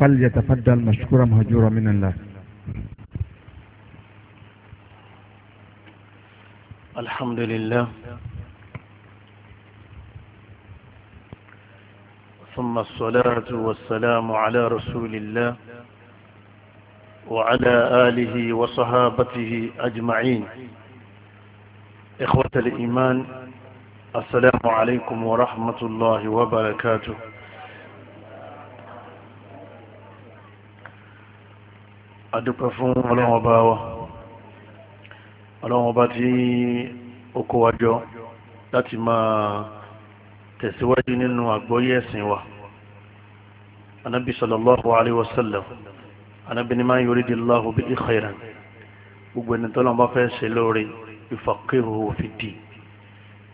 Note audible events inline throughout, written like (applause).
فليتفضل مشكورا مهجورا من الله الحمد لله ثم الصلاة والسلام على رسول الله وعلى آله وصحابته أجمعين إخوة الإيمان السلام عليكم ورحمة الله وبركاته adúpẹ́ fún ọlọ́run ọba wa ọlọ́run ọba tí ó kó wa láti máa tẹ̀síwájú nínú àgbọ́yé ẹ̀sìn wa anabi sallallahu alayhi wa sallam anabi ni máa ń yorí di láhùn bí khairan gbogbo ẹni tọ́lọ́ bá fẹ́ ṣe lóore yufaqihuhu fi ddin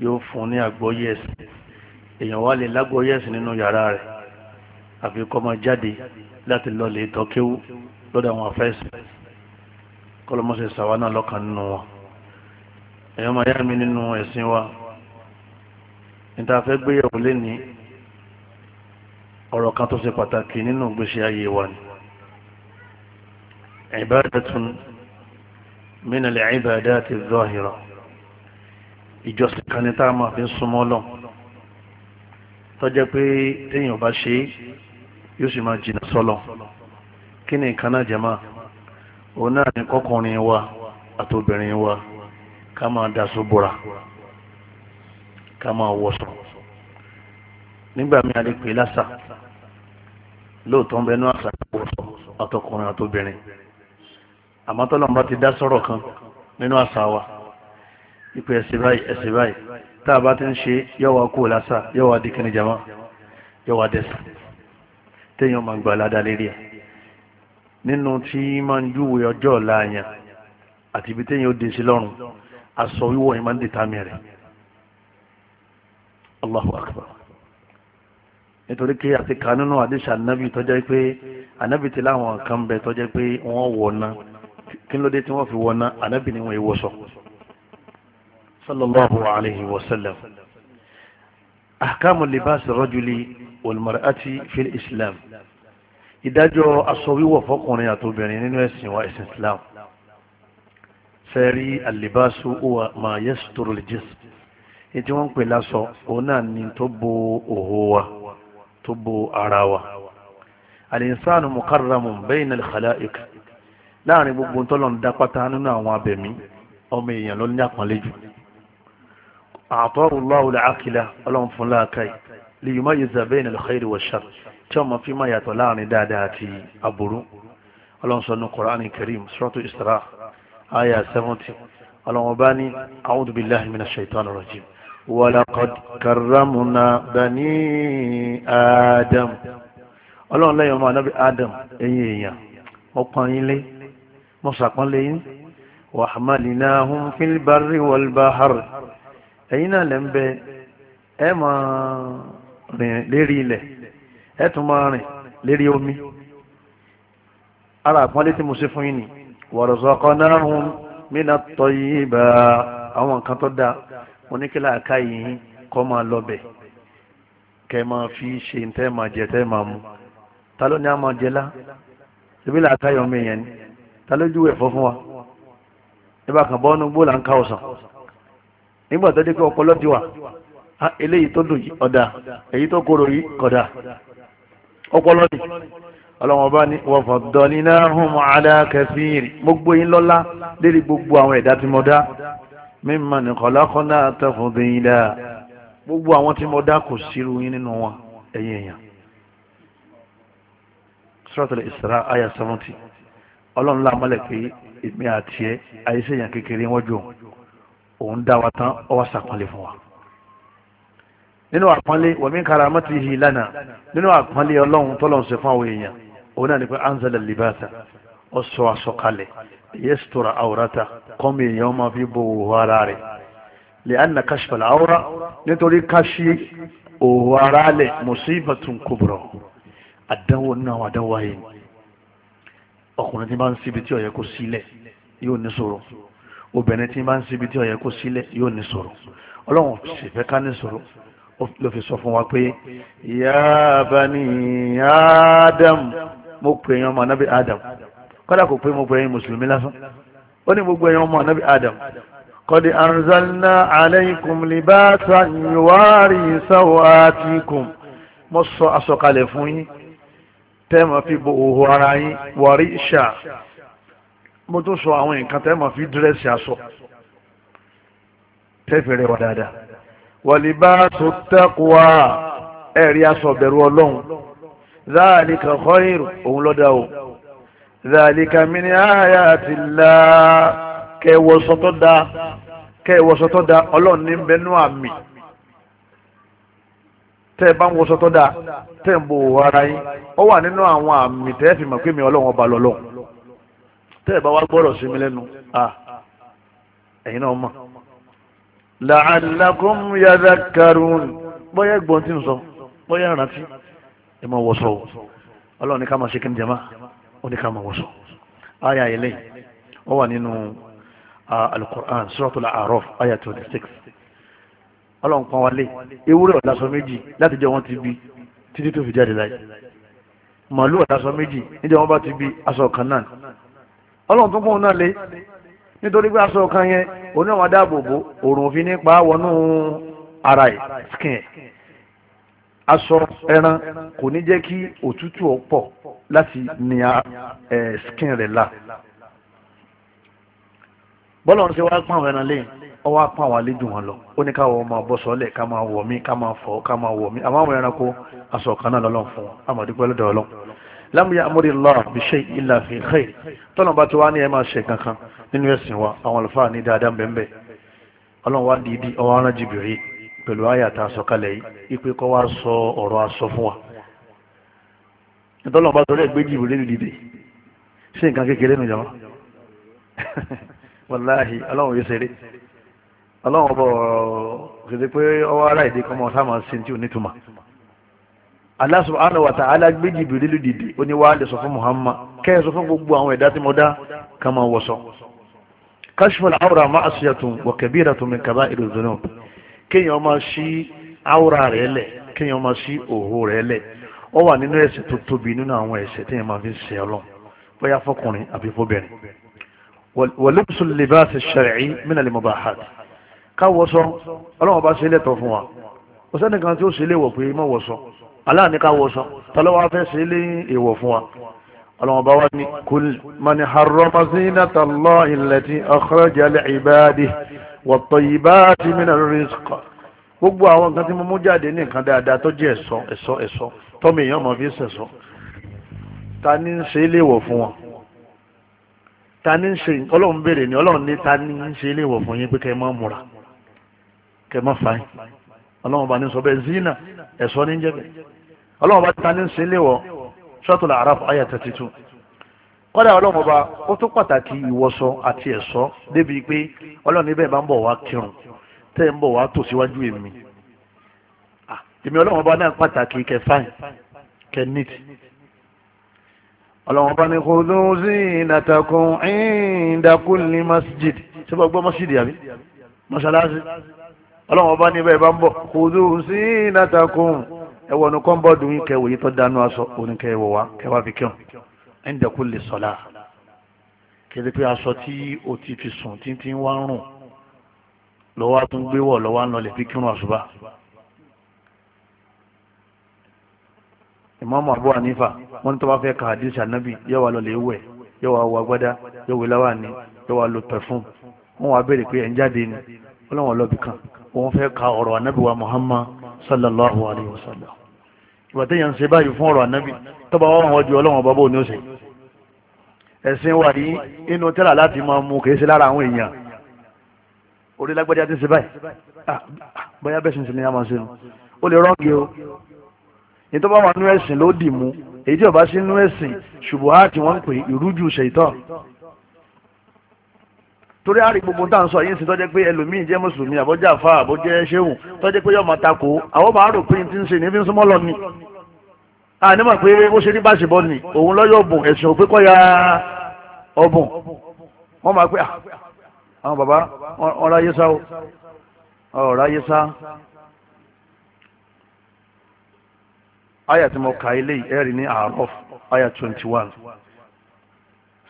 yóò fún ní àgbọ́yé ẹ̀sìn èèyàn wá lè lágbọ́yé ẹ̀sìn nínú yàrá rẹ̀ àfi máa jáde láti lọ lè tọ́kéwú lọ́dọ̀ àwọn afẹ́sì kọlọmọsẹ̀ sàwa náà lọ́kàn nínú wọn èèyàn máa yá mi nínú ẹ̀sìn wa níta fẹ́ gbéyàwó lẹ́ni ọ̀rọ̀ kan tó ṣe pàtàkì nínú ìgbésí ayé wa ni ibadatun min al-ibadati adh-dhahira ìjọsìn kan ní tá a máa fi ń súnmọ́ lọ tó pé téèyàn bá ṣe yóò sì máa jìnnà sọ́lọ̀ kí ni nǹkan náà jẹ́mọ́ òun náà ní kọkùnrin wa àtòbìnrin wa ká máa daṣọ bora ká máa wọṣọ nígbà mi àlè pè lásà lóòótọ́ ń bẹ ní àṣà wọṣọ àtọkùnrin àtòbìnrin àmọ́ tọ́lọ́mọba ti dá sọ̀rọ̀ kan nínú àṣà wa ipò ẹ̀sìn báyìí ẹ̀sìn báyìí tá a bá ti ń ṣe yọ̀wá kú lásà yọ̀wá dikẹ́ni jama yọ̀wá dẹ́sà téèyàn máa gbà ládàá lérí ẹ̀ nínú tí máa ń júwe ọjọ́ ọ̀la yẹn àti ibi téèyàn ó de sí lọ́rùn aṣọ wíwọ̀ yẹn máa ń dìtàmì rẹ̀ Allahu akbar nítorí pé àti kan nínú àdéṣà ànábì tọ́jọ́ pé ànábì ti láwọn kan bẹ tọ́jọ́ pé wọ́n wọ̀ ná kí ló dé tí wọ́n fi wọ̀ ànábì ni wọ́n èèwọ̀ sallallahu alayhi wa sallam ahkamu libas rajuli wal mar'ati fil islam ìdájọ́ aṣọ wíwọ̀ fọkùnrin àtobìnrin nínú ẹ̀sìn wa ẹ̀sìn Islam sẹ́rí àlìbáṣu wa máa yẹ sùtòrò lìjẹ́s ètí wọ́n ń pè lásọ òun náà ni tó bo òhò wa tó bo ara wa àlìsànù mukarramu bẹ́yìn náà khalaiq láàrin gbogbo ntọ́lọ̀ ń dápátá nínú àwọn abẹ̀mí ọmọ èèyàn ló ní àpọ́nlé jù àtọ́rù lọ́wọ́ ọlọ́run fún láàkàyè lèyìn má yẹ tí ọmọ fi máa yàtọ̀ láàrin dáadáa àti aburú ọlọ́nsọ́nù kọ́ránì karim suratu isra aya 70 ọlọ́wọ́bá ní a'udhu billahi minash shaitani rajim walaqad karramna bani adam ọlọ́run lẹ́yìn ọmọ anábì adam ẹ̀yìn èèyàn ọpọ̀n ilé mọ́sàpọ́nlé yín wa hamalinahum fil barri wal ẹ̀yìn náà lẹ́ ń bẹ ẹ̀ máa rìn lérí ilẹ̀ e tún máa lérí omi ara àpọ́nlé tí mo ṣe fún yín ni warzaqnahum minat tayyibat àwọn nǹkan tó dáa mo ní aka yìí kọ́ máa lọ́bẹ̀ kẹ́ máa fi ṣe tẹ́ máa jẹ tẹ́ máa mu ta ló ní a máa jẹ ibi láàká yọ̀ mí yẹn ni ta ló júwèé fọ́ fún wa nígbà kan bọ́ ọ́nú gbóòlà ń ká ọ̀sán nígbà tó dé pé ọpọlọ ti wà ah, eléyìí tó dùn yìí èyí tó yìí kọ̀dà ọpọlọ ni ọlọ́wọ́n bá ní wa faddalinahum ala kathiri gbogbo yín lọ́lá lérí gbogbo àwọn ẹ̀dá tí mo dá mimman khalaqna tafdila gbogbo àwọn tí mo dá kò sírú yín nínú wọn ẹ̀yin èèyàn Suratul Isra àyà 70 ọlọ́run lámọ́lẹ̀ pé èmi àti ẹ àyíṣẹ́yàn kékeré wọ́n jò òun dá tán ọwọ́ sàkúnlẹ̀ fún wa nínú àpọ́nlé wàmí karamatihi lana nínú àpọ́nlé ọlọ́run tọ́lọ́run ṣe fún àwọn èèyàn òun náà ni pé anzala libasa ọ̀sọ̀ àsọ̀kalẹ̀ yẹ́sítọ́ra àwòrátà kọ́mí èèyàn máa fi bo òwò ara rẹ̀ lè anna kashfal awra nítorí káṣí òwò ara lẹ̀ musibatun kubra àdánwò náà àdánwò ayé ọkùnrin tí bá ń síbi tí ó kó sílẹ̀ yóò ní sọ̀rọ̀ obìnrin tí bá ń síbi tí ó kó sílẹ̀ yóò ní sọ̀rọ̀ ọlọ́run sì fẹ́ ká ní sọ̀rọ̀ ló fi sọ fún wa pé ya bani adam mo pè yín ọmọ anábì adam kọ́dà kò pé mo pè yín mùsùlùmí lásán ó ní gbogbo yín ọmọ anábì adam kọ́dì anzalna alaykum libasa yuwari sawatikum mo sọ asọ̀kalẹ̀ fún yín tẹ́ẹ̀mọ̀ fi bo òhò ara yín wàrí ìṣà mo tún sọ àwọn nǹkan tẹ́ẹ̀mọ̀ fi dírẹ́sì aṣọ tẹ́ẹ̀fẹ̀rẹ̀ wà dáadáa walibasu taqwa ẹ̀rí aṣọ bẹ̀rù ọlọ́run zaalika khairu òun lọ́dà o zaalika min ayatillah kẹwọ́sọ tó da kẹwọ́sọ tó da ọlọ́run ní bẹnu àmì tẹ́ ẹ bá ń wọṣọ tó dáa tẹ́ ń bo òwò ara yín ó wà nínú àwọn àmì tẹ́ ẹ fi mọ̀ pé mi ọlọ́run ọba lọ́lọ́ tẹ́ ẹ bá wá gbọ́dọ̀ sí mi lẹ́nu ẹ̀yin náà mọ̀ la'allakum yadhakkarun bóyá gbọ́n tí ń sọ bóyá rántí ẹ máa wọ̀sọ̀ o ọlọ́run ní ká máa ṣe kí ní jama ó ní ká máa wọ̀sọ̀ aya ilé ó wà nínú alukur'an suratul a'raf aya 26 ọlọ́run pọn wálé ewúrẹ́ ọ̀dásọ méjì láti jẹ́ wọ́n ti bí títí tó fi jáde láyé màálù ọ̀dásọ méjì níjẹ́ wọ́n bá ti bí aṣọ kan náà ọlọ́run tó pọn náà lé nítorí pé aṣọ kan yẹn òun náà wà dáàbò bò òrùn òfin nípa wọnú ara ẹ̀ skin ẹ̀ aṣọ ẹran kò ní jẹ́ kí òtútù ọ̀pọ̀ láti ní ẹ̀ skin rẹ̀ la bọ́lọ̀ ń ṣe wá pàwọn ẹran lẹ́yìn ọ wá pàwọn àlejò wọn lọ ó ní káwọn ọmọ bọ́ sọ́lẹ̀ ká máa wọ̀ mí ká máa fọ̀ ká máa wọ̀ mí àmọ́ àwọn ẹranko aṣọ kan náà lọ́lọ́ fún wọn lọ́dọ̀ ọlọ́ lámúyà amúrí lọ́ọ̀ bí ṣe ìlà fi khayr tọ́nà bá ti wá ní ẹ máa ṣe kankan nínú ẹ̀sìn wa àwọn àlùfáà ní dáadáa bẹ́ẹ̀ ọlọ́run wá dìídì ọwọ́ aràn jìbìrì pẹ̀lú àyà tá a kalẹ̀ yìí ipe kọ́ wá sọ ọ̀rọ̀ asọ fún wa ìtọ́lọ́ba sọ lẹ́gbẹ́ jìbìrì lè dìde ṣé nǹkan kékeré nù jàmá (laughs) wàláhì ọlọ́run yóò ṣeré ọlọ́run bọ̀ kìí pé ọwọ́ ará ìdí kan mọ̀ sáà máa sin tí ò nítumọ̀ Allah subhanahu wa ta'ala gbé Jibrilu dìde ó ní wàá lè sọ fún Muhammad kẹ́ ẹ sọ fún gbogbo àwọn ẹ̀dá tí mo dá ká máa wọ̀sọ̀ kashful awra ma'asiyatun wa kabiratun min kaba'iril dhunub kéèyàn máa ṣí awra rẹ̀ lẹ̀ kéèyàn máa ṣí òhò rẹ̀ lẹ̀ ó wà nínú ẹ̀ṣẹ̀ tó tóbi nínú àwọn ẹ̀ṣẹ̀ téèyàn máa fi ń ṣe ọlọ́run bóyá fọkùnrin àbí fóbìnrin wa libsul libas ash-shar'i min al-mubahat káwọ́sọ ọlọ́run bá ṣe lẹ́tọ̀ fún wa kò sẹ́nìkan tí ó ṣe léwọ̀ pé má wọ̀sọ aláàní káwọ́sọ tọ́lọ́wọ́ á fẹ́ ṣe lé èèwọ̀ fún wa ọlọ́mọba wá ní kul mani harrama zinata Allahi allati akhraja li'ibadihi wat-tayyibati minar rizq gbogbo àwọn nǹkan tí mo mú jáde ní nǹkan dáadáa tó jẹ́ ẹ̀sọ́ ẹ̀sọ́ ẹ̀sọ́ tọ́mọ èèyàn mọ̀ fi sẹ̀sọ́ ta ní ń ṣe léèwọ̀ fún wọn ta ní ń ṣe ọlọ́run béèrè ni ọlọ́run ní ta ní ń ṣe léèwọ̀ fún yín pé kẹ́ ọlọ́run bá ní sọ bẹ́ẹ̀ zina ẹ̀sọ́ ní jẹ́ ọlọ́run bá ta ní ń ṣe suratul araf ayat thirty two kọ́dà ọlọ́run ọba ó tún pàtàkì ìwọṣọ àti ẹ̀ṣọ́ débi pé ọlọ́run níbẹ̀ bá ń bọ̀ wá kírun tẹ́ ń bọ̀ wá tò síwájú èmi èmi ọlọ́run ọba náà pàtàkì kẹfáìn kẹnit ọlọ́run ọba ní khudhu zinatakum inda kulli masjid ṣé bá gbọ́ masjid àbí mọ́ṣáláṣí ọlọ́run níbẹ̀ bá ń bọ̀ khudhu zinatakum ẹwọ ní kọ́ńbọ́ọ̀dù yín kẹwò yìí tó dánú aṣọ oníkẹwò wa kẹwàá fi kírun inda kulli salah kéde pé aṣọ tí o ti fi sùn tí ti ń wá rùn lọ́wọ́ tó ń gbé wọ̀ lọ́wọ́ ń lọlẹ̀ fi kírun àṣùbà. ìmáàmù Abu Hanifa wọ́n ní tó bá fẹ́ ka hadith anabi yóò wá lọlẹ̀ ewé yóò wá wọ agbádá yóò wé láwà ní yóò wá lo pẹ̀fúm wọ́n wá béèrè pé ẹ̀ ń jáde ni wọ́n lọ́bì kan wọ́n fẹ́ ka ọ̀rọ̀ anabi wa Muhammad sallallahu alayhi wa sallam ìwà téèyàn ń ṣe báyìí fún ọ̀rọ̀ ànábì tọ́ba wọn wọ́n ju ọlọ́wọ́n bọ́bọ́ ní ọ̀sẹ̀ ẹ̀sìn wà ní inú tẹ́lá láti máa mú kìí ṣe lára àwọn èèyàn orí lágbájá ti ṣe báyìí ah, bóyá bẹ́ẹ̀ ṣinṣin ni a se ṣe nu ó lè rọ́ọ̀gì o ní tọ́ba wà nú ẹ̀sìn ló dì mú èyí tí ó bá sí nú ẹ̀sìn ṣùgbọ́n á ti wọ́n pè ìrújú torí àrí gbogbo tá à ń sọ yín sí tọ́jẹ́ pé ẹlòmíì jẹ́ mùsùlùmí àbọ́jà fa àbọ́jẹ́ ṣéhùn tọ́jẹ́ pé yọ̀ọ́ màtàkó àwọn rò pé ti ń ṣe ní fi ń súnmọ́ lọ ni ànímọ̀ pé ó ṣe ní ni òun lọ́yọ̀ ọ̀bùn ẹ̀sìn òpé kọ́ ya ọ̀bùn wọ́n máa pé ah, àwọn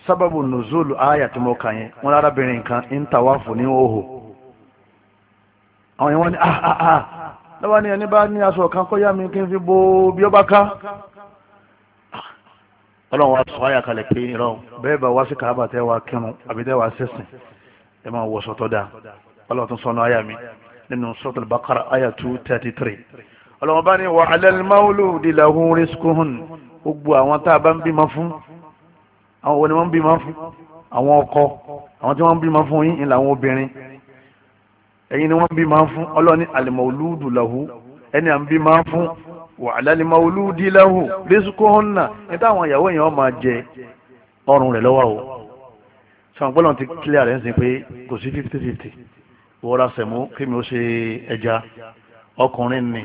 sábàbù nùzúlù àyà tí mo kà yẹn wọn lárábìnrin kan ń tàwáfù ní òhò àwọn yẹn ah ah ah lọ́wọ́ ni ẹni bá ní aṣọ kan kọ́ yá mi kí fi bo bí ó bá ká ọlọ́run wa sọ àyà kalẹ̀ pé irọ́ bẹ́ẹ̀ bá wá sí kàábà tẹ́ wá kírun àbí tẹ́ wá sẹ́sìn ẹ máa wọ̀ sọ́tọ́ dáa ọlọ́run tún sọnù àyà mi nínú suratul Baqara àyà 233 thirty three ọlọ́run bá ní wa 'alal mawludi lahu rizquhun gbogbo àwọn tá a bá ń bímọ àwọn wo ni wọ́n ń bímọ fún àwọn ọkọ àwọn tí wọ́n ń bímọ fún yín ni làwọn obìnrin ẹ̀yin ni wọ́n ń bímọ fún ọlọ́ni alimawuludu lahu ẹni à ń bímọ fún wàhálà alimawuludi lahu rizquhunna ní táwọn ìyàwó yẹn wọ́n máa jẹ ọrùn rẹ̀ lọ́wọ́ o sọ̀rọ̀ pẹ́lú ti kílẹ̀ rẹ̀ ń sìn pé kò sí fifty fifty wọ́ra sẹ̀mú kí mi ó ṣe ẹja ọkùnrin ni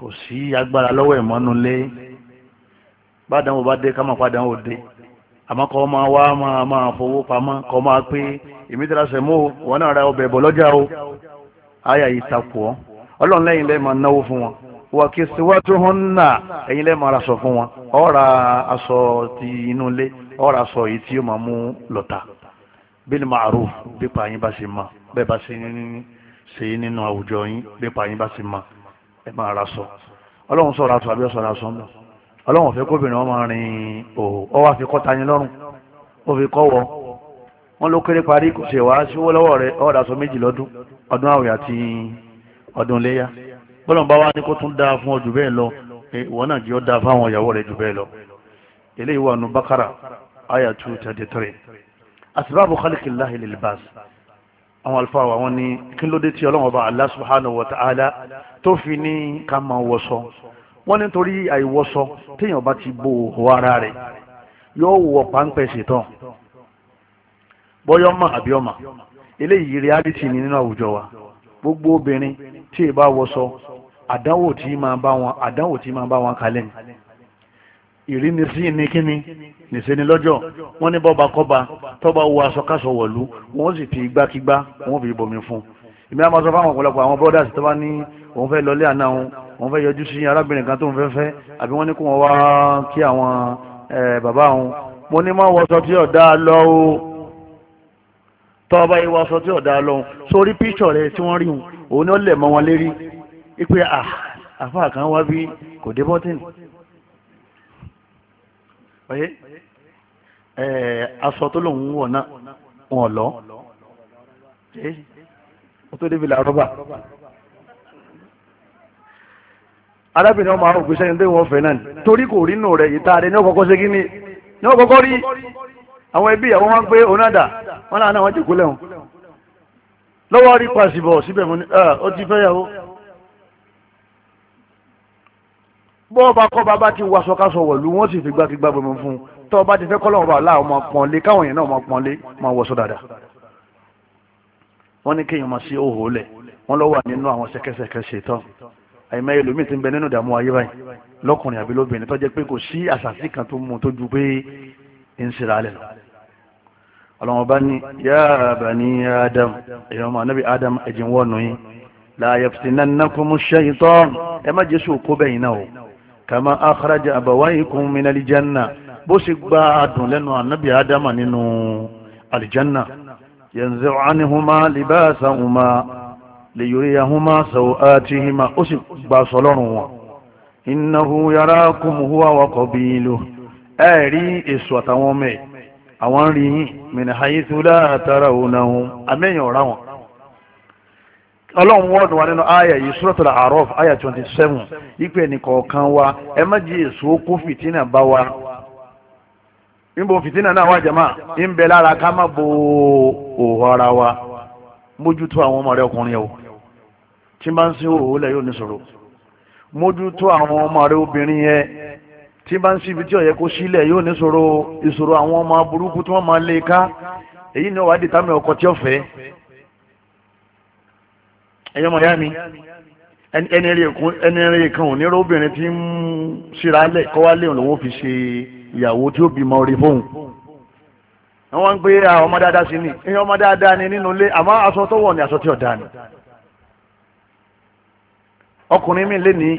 kò sí agbára lọ́wọ́ ìmọ̀nulé bá dánwò bá dé ká má padà ń òde àmọ́ kọ́ máa wá máa máa fowó pamọ́ kọ́ máa pé ìmítẹ́lá sẹ̀mú wọn náà ra ọbẹ̀ bọ̀ lọ́jà o àyà yìí takò ọ́ ọlọ́run lẹ́yìn lẹ́ẹ̀ máa náwó fún wọn wà kí síwájú hàn náà ẹ̀yin lẹ́ẹ̀ máa raṣọ fún wọn ó aṣọ ti inú ilé ó aṣọ yìí tí yóò máa mú lọ́ta bil ma'ruf bípa yín bá ṣe mọ bẹ́ẹ̀ bá ṣe ṣe nínú àwùjọ yín bípa yín bá ṣe mọ ẹ máa raṣọ ọlọ́run sọ̀rọ̀ àtọ̀ àbí ọlọ́run fẹ́ kóbìnrin ọmọ rìn òhò ọ wá fi kọ́ tani lọ́rùn ó fi kọ́ wọ wọn ló kéré parí kò ṣe wàá ṣíwó lọ́wọ́ rẹ ọ̀dà sọ méjì lọ́dún ọdún àwẹ̀ àti ọdún iléyà bọ́lọ̀n bá wá ní kó tún dáa fún ọ jù bẹ́ẹ̀ lọ ìwọ náà jẹ́ ọ dáa fáwọn ìyàwó rẹ jù bẹ́ẹ̀ lọ eléyìí wà nù bákàrà àyà two thirty three asibabu khaliki lahi lilibas àwọn alfa wa wọn ni kí ló dé tí ọlọ́wọ́n bá Allah subhanahu wa tó fi ní ká máa wọṣọ wọ́n ní torí àìwọṣọ téèyàn bá ti bo òhò ara rẹ̀ yóò wọ páńpẹ́ ṣètàn bọ́yọ́ mọ̀ àbí ọmọ eléyìí reality ni nínú àwùjọ wa gbogbo obìnrin tí ì bá wọṣọ àdánwò tí máa bá wọn àdánwò tí máa bá ni ìrínisí ní kíni nìṣẹ́ni lọ́jọ́ wọ́n ní bọ́ba kọ́ba tọ́ba wo aṣọkáṣọ wọ̀lú wọ́n sì fi igbákigbá wọ́n fi bomi fún un ìmí àmọ́ sọ fáwọn ọ̀pọ̀lọpọ̀ àwọn brothers tó bá ní òun fẹ́ lọlé àná wọ́n fẹ́ yọjú sí arábìnrin kan tó ń fẹ́ fẹ́ àbí wọ́n ní kó wọ́n wá kí àwọn bàbá òun mo ní máa wọṣọ tí ọ̀dà lọ o tọ́ ọba yìí wọṣọ tí ọ̀dà lọ sórí píṣọ̀ rẹ tí wọ́n rí òun òun ni ó lẹ̀ mọ́ wọn lérí ipe àfa kan wá bí kò dé bọ́tìnì aṣọ tó lòun wọ̀ náà wọn lọ ó tó débi làrọ́bà arábìnrin ọmọ àwọn òpèsè ẹni tó wọn fẹ́ náà ni torí kò rínú rẹ̀ ìta rẹ̀ ní ọkọ̀kọ́ ṣe kí ni ní ọkọ̀kọ́ rí àwọn ẹbí ìyàwó wọn pé onádà wọn náà wọn jẹ̀kú lẹ́hùn lọ́wọ́ rí pàṣíbọ̀ síbẹ̀ mú ni ó ti fẹ́ yàwó bọ́ ọba kọ́ bàbá ti wọ aṣọkáṣọ wọ̀lú wọ́n sì fi gbákigbá bọ̀mọ̀ fún un tọ́ ọba ti fẹ́ kọ́ lọ́wọ́ aláà ọmọ pọ̀nlé káwọn èèyàn náà ọmọ pọ̀nlé máa wọṣọ dáadáa wọ́n ní kéèyàn máa ṣe òhò lẹ̀ wọ́n lọ́wọ́ nínú àwọn ṣẹkẹṣẹkẹ ṣetán àyìnbá ẹlòmíì ti ń bẹ nínú ìdààmú ayé báyìí lọ́kùnrin àbí lóbìnrin tó jẹ́ pé kò sí àṣàṣì kan tó mú tó ju pé ń ṣe ra alẹ́ lọ. ọlọ́run ọba ní ya bani adam èèyàn ọmọ anábì adam ẹ̀jìn wọ́ọ̀nù yín la yaftinannakumu shaytan ẹ má jésù òkú bẹ́yìn náà o kama akhraja abawaykum min alijanna bó sì gba adùn lẹ́nu anábì adam nínú alijanna yanzu anihuma lè yorí ahun máa sọ àti hima ó sì gbà sọ lọ́rùn wọn innahu yarakum huwa wa qabiluhu èso àtàwọn ọmọ ẹ̀ àwọn ń rí amẹ́yìn ọ̀rá wọn ọlọ́run wa nínú àyà yìí suratul A'raf àyà twenty ipe wa ẹ má jí èso kó fìtínà bá wa níbo fìtínà náà jẹ́mà ń bẹ lára ká má bo òhò wa mójútó àwọn ọmọ rẹ ọkùnrin yẹn tí bá ń sí òwò lẹ̀ yóò ní sọ̀rọ̀ mójútó àwọn ọmọ rẹ obìnrin yẹn tí bá ń sí ibi tí ó yẹ kó sílẹ̀ yóò ní sọ̀rọ̀ ìṣòro àwọn ọmọ burúkú tí wọ́n máa lé ká èyí ni wàá dìtàmì ọkọ tí ó fẹ́ ẹ̀yọ́ mọ̀ yá mi ẹni eré kan ò ní rọ obìnrin tí ń síra lẹ̀ kọ́ wá léèyàn lòun fi ṣe ìyàwó tí ó bímọ orí fóun wọ́n ń gbé ọmọ dáadáa sí ni ìyẹn ọmọ dáadáa ni nínú ilé àmọ́ aṣọ tó wọ̀ ni aṣọ tí ò dáa ni ọkùnrin mi lé ní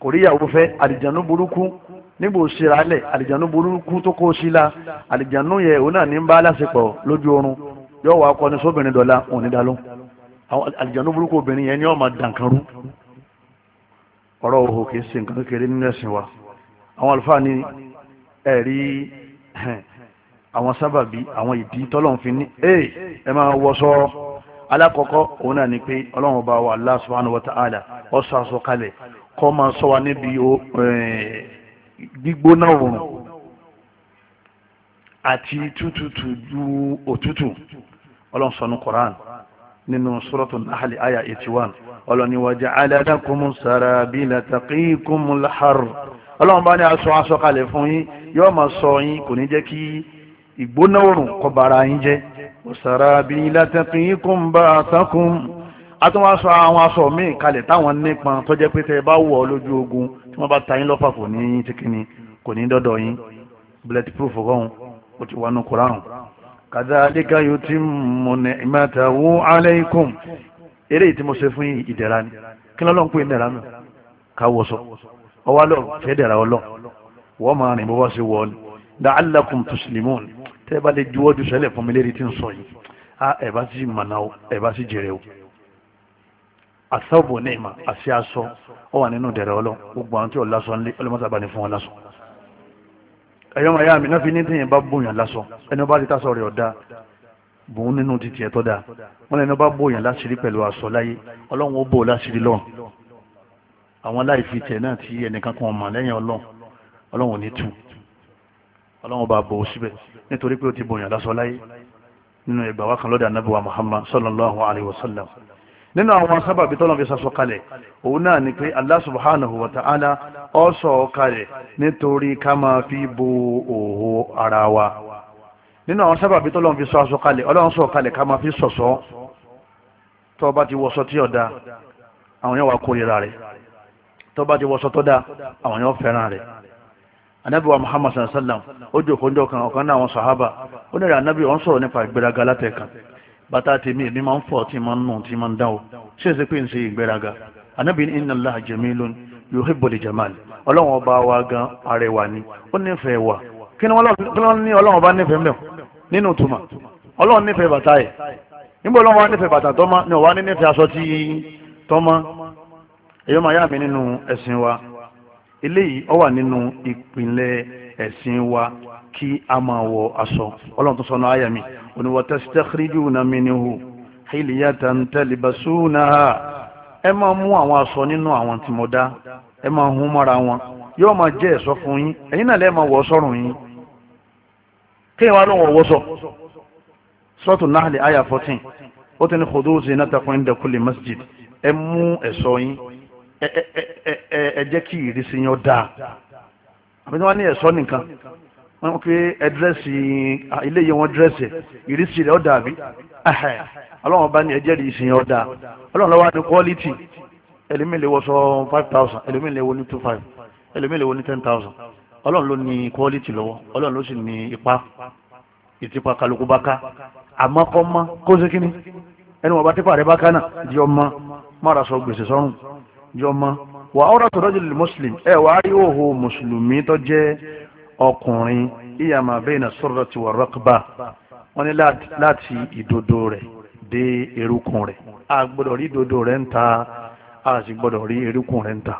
kòríyàwó fẹ́ àlìjánu burúkú níbo ṣera lẹ̀ àlìjánu burúkú tó kó sí la àlìjánu yẹ òun náà ní ń bá lásìkò lójú oorun yóò wá kọ́ni sóbìnrin dọ̀la òun ní dalóhùn àwọn àlìjánu burúkú obìnrin yẹn ni ó máa dànkanrú ọ̀rọ̀ òhò kìí ṣe nǹkan kékeré nínú ẹ̀sìn wa àwọn àlùfáà ní ẹ̀rí àwọn sábàbí àwọn ìdí tọ́lọ́ fi ẹ máa wọ alákọ̀ọ́kọ́ òun náà ni pé ọlọ́run ọba wa Allah subhanahu wa ta'ala ọ̀sọ̀ àsọkalẹ̀ kọ́ máa sọ wa níbi gbígbóná òrùn àti tútùtù ju òtútù ọlọ́run sọnù Qur'an nínú suratu náhàlì aya 81 ọlọ́ni wa ja'ala lakumu sarabila taqikumul har ọlọ́run bá ní aṣọ aṣọ kalẹ̀ fún yín yóò máa sọ yín kò ní jẹ́ kí ìgbóná òrùn kó bara yín jẹ́ wòsàràbílà taqīkum ba'sakum a tún wá sọ àwọn aṣọ míì kalẹ̀ táwọn nípọn tó jẹ́ pé tẹ́ bá wọ̀ lójú ogun tí wọ́n bá ta yín lọ́fà kò ní yín tí kìíní kò ní dọ́dọ̀ yín bullet proof kọ́hún ó ti wọnú koran kadhalika yutimmu ni'matahu alaykum eré tí mo ṣe fún ìdẹ̀ra ni kí lọ́lọ́ ń pè ìdẹ̀ra mi ká wọṣọ ọwọ́ lọ fẹ́ dẹ̀ra ọlọ́ wọ́n máa rìn bó bá ṣe wọ̀ ọ́ ni la'allakum tuslimun tẹ́ bá lè juwọ́ ju sẹ́lẹ̀ fún mi lérí tí ń sọ yìí a ẹ̀ bá sì mọ̀nà o ẹ̀ bá sì jèrè o àsáwòbò ní ìmọ̀ àti aṣọ ọ wà nínú dẹ̀rẹ̀ ọlọ́ gbogbo àwọn tí ò lásọ nílé ọlọ́mọta bá ní fún wọn lásọ ẹ̀yọ́ màá yá mi náà fi ní tìyẹn bá bóyàn lásọ ẹni bá ti tásọ rẹ̀ ọ̀dà bùn nínú ti tiẹ̀ tọ́da wọn lẹ́nu bá bóyàn láṣìírí pẹ̀lú aṣọ láyé ọlọ́run ó bò láṣìírí lọ́run àwọn láìfi tẹ̀ náà ti ẹnìkan kan mọ̀ lẹ́yìn ọlọ́run ọlọ́run ò ní tu ọlọ́run bá bò ó síbẹ̀ nítorí pé ó ti bòyàn lásọ láyé nínú ìgbà wákan lọ́dọ̀ anábíwá muhammad sallallahu alayhi wa sallam nínú àwọn sábàbí tọ́lọ́ fi sasọ kalẹ̀ òun náà ni pé allah subhanahu wa ta'ala ó sọ kalẹ̀ nítorí ká máa fi bo òhò ara wa nínú àwọn sábàbí tọ́lọ́ fi sọ asọ kalẹ̀ ọlọ́run sọ kalẹ̀ ká máa fi sọ̀sọ́ tó bá ti wọṣọ tí ọ̀dà àwọn yẹn wà kórìíra rẹ̀ tó bá ti wọṣọ tó dá àwọn yẹn fẹ́ràn rẹ̀ anabiwa muhammad sallam ó jòkó ńjọ́ kan ọ̀kan náà àwọn sahaba o nílẹ̀ anabi wọn sọ̀rọ̀ nípa ìgbéraga bata bàtà tèmi èmi máa ń fọ̀ tí máa ń nù tí máa ń dáwọ́ ṣé èsì pé ń ṣe ìgbéraga anabi ní inna allah jamilun yuhibbul jamal ọlọ́wọ́n ọba wa gan arẹwà ni o nífẹ̀ẹ́ wa kí ni wọ́n ní ọlọ́wọ́n ọba nífẹ̀ẹ́ mẹ́wọ̀ nínú tuma ọlọ́wọ́n nífẹ̀ẹ́ bàtà yẹ nígbà ọlọ́wọ́n wa nífẹ̀ẹ́ bàtà tọ́mọ ni ọ̀wá ní nífẹ̀ẹ́ aṣọ tí tọ́mọ èyí máa yá mi nínú ẹ̀sìn wa eléyìí ó wà nínú ìpìlẹ̀ ẹ̀sìn wa kí a máa wọ aṣọ ọlọ́run tó sọnù àyà mi òní wa tastakhriju na minhu hilyatan talbasunaha ẹ máa mú àwọn aṣọ nínú àwọn tí mo dá ẹ máa hun mọ́ra wọn yóò máa jẹ́ ẹ̀ṣọ́ fún yín ẹ̀yin náà lẹ́ẹ̀ máa wọ̀ sọ́rùn yín kéèyàn wá lóun ọ̀wọ́sọ sọ́tù nahli àyà fourteen ó ti ní khudhu zinatakum inda kulli masjid ẹ mú ẹ̀ṣọ́ yín ẹ ẹ ẹ ẹ jẹ́ kí ìrísí yẹn dáa àbí wọ́n ní ẹ̀sọ́ nìkan wọ́n pe ẹ̀dírẹ́sì ilé yẹn wọ́n dírẹ́sì ìrísí rẹ̀ ó dàbí ọlọ́run bá ní ẹjẹ́ ìrísí yẹn dáa ọlọ́run lọ́wọ́ ní quality ẹlòmíì lè wọ sọ five thousand ẹlòmíì lè wọ ní two five ẹlòmíì lè wọ ní ten thousand ọlọ́run ló ní quality lọ́wọ́ ọlọ́run ló sì ní ipa ìtipa kálukú bá ká àmọ́ kọ́ mọ́ kó sí kíní ẹni wọ́n bá tipa rẹ̀ bá ká náà jọ mọ́ má ra sọ gbèsè sọ́run jọ mọ́ wà ọ́rọ̀ tó rọ́jò lè mùsùlùmí ẹ wàá rí òhò mùsùlùmí tó jẹ́ ọkùnrin ìyàmà bẹ́ẹ̀ nà sọ̀rọ̀ ti wà rọ́kbà wọ́n ní láti ìdodo rẹ̀ dé erukùn rẹ̀ a gbọ́dọ̀ rí ìdodo rẹ̀ ń ta a sì gbọ́dọ̀ rí erukùn rẹ̀ ń ta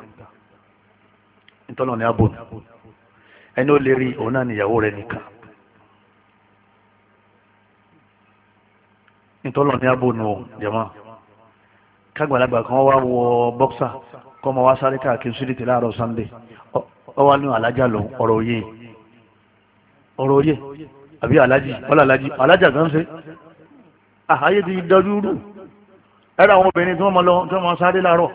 ìtọ́nà ní abò ẹni ó lè rí òun náà níyàwó rẹ̀ nìkan ìtọ́nà ní abò nù jẹ̀mọ́ kágbàlagbà kan wá wọ bọ́ksà kọ́ ma wá sáré káàkiri síríkì láàárọ̀ sunday ọ wá ní alájà lọ ọ̀rọ̀ òye ọ̀rọ̀ òye àbí alájì ọ̀là alájì alájà gan ṣe àyè ah, ti dájú rú ẹ̀rọ àwọn obìnrin tí wọ́n mọ lọ tí wọ́n mọ sáré láàárọ̀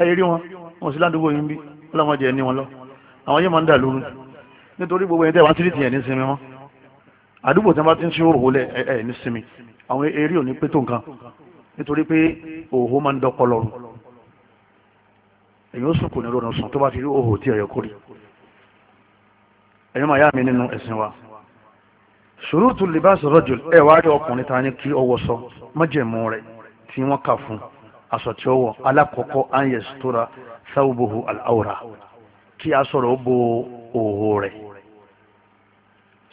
ẹ̀yẹ rí wọn wọn sì ládùúgbò yín bí ọlọ́mọdé ẹni wọn lọ àwọn yìí máa ń dà lóru nítorí gbogbo ẹni tẹ́ wá síríkì yẹn ní sinmi mọ́ àdúgbò tí wọ́n bá ti ń ṣe òhò lẹ̀ ẹ̀ ní sinmi àwọn eré ò ní nǹkan nítorí pé òhò máa ń dọ́kọ lọ́rùn èyí ó sùnkù ní lónà sùn tó bá ti rí òhò tí ẹ̀yọ kórì ẹ̀yọ́ màyá mi nínú ẹ̀sìn wa ṣurutu libas rajul ẹ̀ wá rí ọkùnrin ta ní kí ọwọ́ sọ májẹ̀mú rẹ̀ tí wọ́n kà fún aṣọ tí ó wọ̀ alákọ̀ọ́kọ́ an yastura thawbuhu al kí aṣọ rẹ̀ ó bo òhò rẹ̀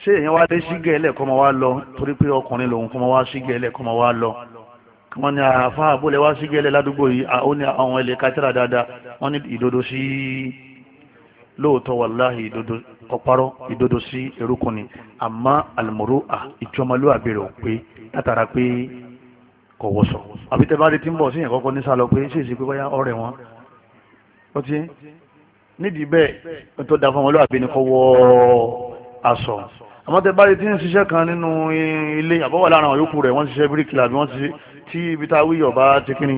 ṣé èèyàn wá dé sígẹ̀ ẹlẹ́kọ́ máa wá lọ torí pé ọkùnrin lòun kọ́ wá sígẹ̀ ẹlẹ́kọ́ máa wá lọ wọ́n ní àfa àbúlẹ̀ wá sí gẹ́lẹ́ ládùúgbò yìí àwọn ní àwọn ilẹ̀ kátìrà dáadáa wọ́n ní ìdodo sí lóòótọ́ wàláhì ìdodo ọ̀parọ́ ìdodo sí erukun ni àmọ́ àlùmọ́rò à ìjọmọlúwàbí rẹ̀ ò pé látara pé kò wọ̀sọ̀ àbí tẹ́ bá rí tí ń bọ̀ sí yẹn kọ́kọ́ ní sálọ pé ṣe pé báyà ọ̀rẹ́ wọn ó nídìí bẹ́ẹ̀ tó da fún ọmọlúwàbí ni kọ́ wọ́ aṣọ àmọ́ tẹ báyìí tí ń ṣiṣẹ́ kan nínú ilé àbọ̀wọ̀ lára àwọn yòókù rẹ̀ wọ́n ṣiṣẹ́ bíríkìlà bí wọ́n ti tí ibi tá a wí ọba ti kíni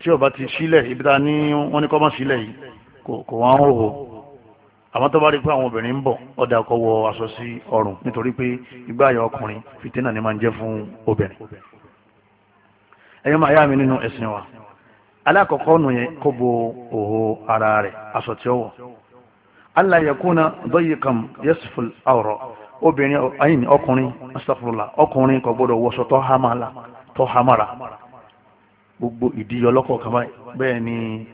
tí ọba ti sílẹ̀ ibi tá a ní wọ́n ní kọ́mọ̀ sílẹ̀ yìí kò wọ́n hò hò àmọ́ tó bá rí pé àwọn obìnrin ń bọ̀ ọ̀dà kọ́ wọ aṣọ sí ọrùn nítorí pé ìgbà àyà ọkùnrin fìtínà ni máa ń jẹ́ fún obìnrin ẹ̀yọ́ máa yá mi nínú ẹ̀sìn wa alákọ̀ọ́kọ́ nù yẹn kó bo òhò ara rẹ̀ aṣọ tí ó wọ̀ allah yakuna dayyikan yasful awra obìnrin ayin ọkùnrin astagfirullah ọkùnrin kò gbọdọ̀ wọṣọ tó hamala tó hamara gbogbo ìdíyọ lọ́kọ̀ bẹ́ẹ̀ ni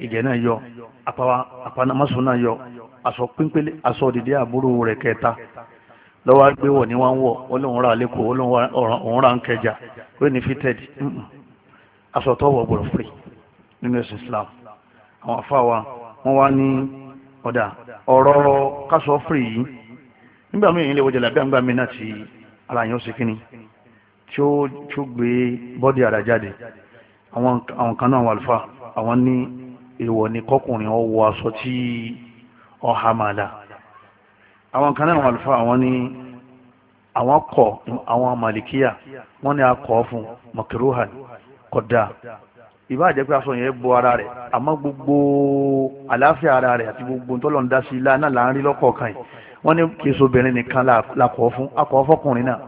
ìgẹ̀ náà yọ apanamasọ náà yọ aṣọ pínpélé aṣọ dìde àbúrò rẹ̀ kẹta lọ́wọ́ gbé wọ̀ wọ́n wọ̀ ó ra lẹ́kọ̀ọ́ ó ra ń kẹjà aṣọ nínú ẹ̀sìn Islam àwọn afáwa wọ́n wá ní. ọ̀dà ọ̀rọ̀ kásọ̀ yìí nígbà míì ilé ìwọ̀jẹ̀ làbí mi náà ti ara yẹn ó ṣe tí ó tí ó gbé bọ́dì ara jáde àwọn kan náà wà ni kọkùnrin ọ aṣọ tí ọha máa dà àwọn kan náà wà lùfà kọ àwọn màlìkíyà wọn ní akọ fún mọkìrúhàn ìbá jẹ́ pé aṣọ yẹn bo ara rẹ̀ àmọ́ gbogbo àlàáfíà ara rẹ̀ àti gbogbo ntọ́lọ́ ń dá sí ilá náà là ń rí lọ́kọ̀ọ̀kan yìí wọ́n ní kí obìnrin nìkan la kọ́ fún akọ́ fọkùnrin náà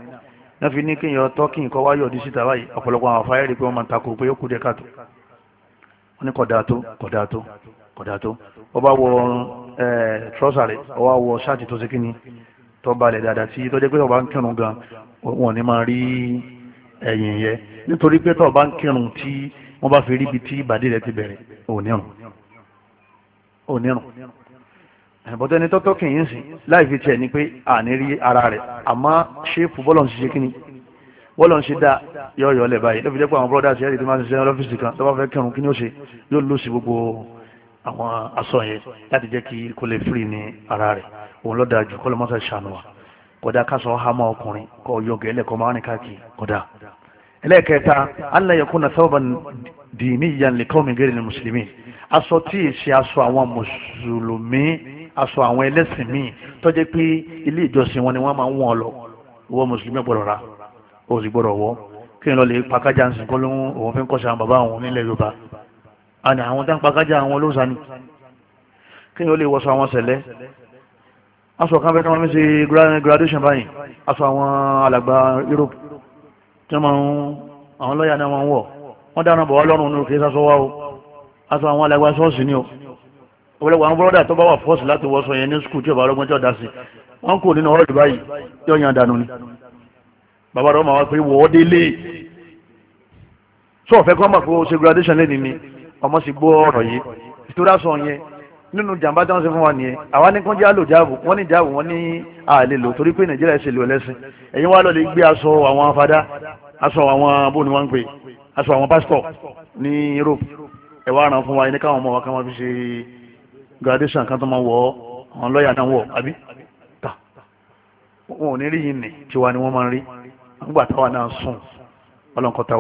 náà fi ní kéèyàn tọ́ kí nǹkan wáyọ̀ ọdún síta báyìí ọ̀pọ̀lọpọ̀ àwọn afáyẹ́ rí i pé wọ́n máa ń takò pé ó kú díẹ̀ káàtó wọ́n ní kódà tó kódà tó kódà tó ó bá wọ trọ́sà rẹ̀ ó ni tó balẹ̀ dáadáa tí tó jẹ́ pé tó bá ń kírun gan bá ń kírun tí wọ́n bá fi rí ibi tí ìbàdí rẹ̀ ti bẹ̀rẹ̀ ònírùn ònírùn ẹ̀bọ̀tẹ́ ni tọ́tọ́ kì í sìn láì fi tiẹ̀ ni pé àní rí ara rẹ̀ àmọ́ ṣé fúbọ́lọ̀ ń ṣiṣẹ́ kí ni bọ́lọ̀ ń ṣe dá yọ̀ọ̀yọ̀ lẹ̀ báyìí lọ́fi jẹ́ pé àwọn bọ́dà ṣe ẹ̀rí tí máa ń ṣiṣẹ́ lọ́fíìsì kan tó fẹ́ kírun kí ni ó ṣe yóò lù sí gbogbo àwọn aṣọ yẹn láti jẹ́ kí kò lè fírì ní ara rẹ̀ òun lọ́dà jù kọ́lọ́mọ́sá ṣàánú wa kódà ká hámà ọkùnrin kọ́ yọ̀gẹ́lẹ̀ kọ́ máa rìn káàkiri kódà ẹlẹ́ẹ̀kẹta aláyẹ̀kúnà sábàbàn dìní ìyànlẹ̀ kọ́ọ̀mì gẹ́rẹ́ ní mùsùlùmí aṣọ tí ì ṣe aṣọ àwọn mùsùlùmí aṣọ àwọn ẹlẹ́sìn míì tó jẹ́ pé ilé ìjọsìn wọn ni wọ́n máa ń wọ́n lọ wọ́n mùsùlùmí gbọ́dọ̀ ra ó sì gbọ́dọ̀ wọ́ kí n lọ lè pàkájà ń sìn kọ́ lóhun òun fi ń kọ́ṣà bàbá àwọn nílẹ̀ Yorùbá àni àwọn tá ń pàkájà àwọn olóòsàn ni kí n lọ lè wọṣọ àwọn sẹ̀lẹ́ aṣọ kan fẹ́ kí wọ́n fi ṣe graduation báyìí aṣọ àwọn alàgbà Europe tí wọ́n máa ń àwọn lọ́yà náà máa ń wọ̀ wọ́n dáná bọ̀ wá lọ́rùn ní òkè sásọ wá o aṣọ àwọn alàgbà ṣọ́ọ̀ṣì ni o ọ̀pọ̀lọpọ̀ àwọn bọ́lọ́dà tó bá wà fọ́ọ̀sì láti wọ́sọ yẹn ní skul tí ò bá rọ́gbọ́n tí ò dá sí wọ́n kò nínú ọ̀rọ̀ dubai tí ó yan dànù ni bàbá rẹ̀ máa wá pé wọ́ délé sọ̀fẹ́ kọ́ máa kó ṣe graduation lẹ́ni ni ọmọ sì gbọ́ ọ̀rọ̀ nínú jàǹbá tí wọ́n ṣe fún wa nìyẹn àwa ní kún jẹ́ àlòjáàbò wọ́n ní jáàbò wọ́n ní àlè lò torí pé nàìjíríà ṣe ẹlẹ́sìn ẹ̀yin wá lọ lè gbé aṣọ àwọn afadá aṣọ àwọn bóun ni wọ́n ń pè aṣọ àwọn pásítọ̀ ní Europe ẹ̀ wá ràn fún wa ẹni káwọn ọmọ wa ká máa fi ṣe graduation kan tó máa wọ̀ ọ́ àwọn lọ́ọ̀yà náà wọ̀ àbí tà wọn ò ní rí yìí nì tiwa ni wọ́n máa ń rí nígbà táwa náà sùn ọlọ́nkọ́ta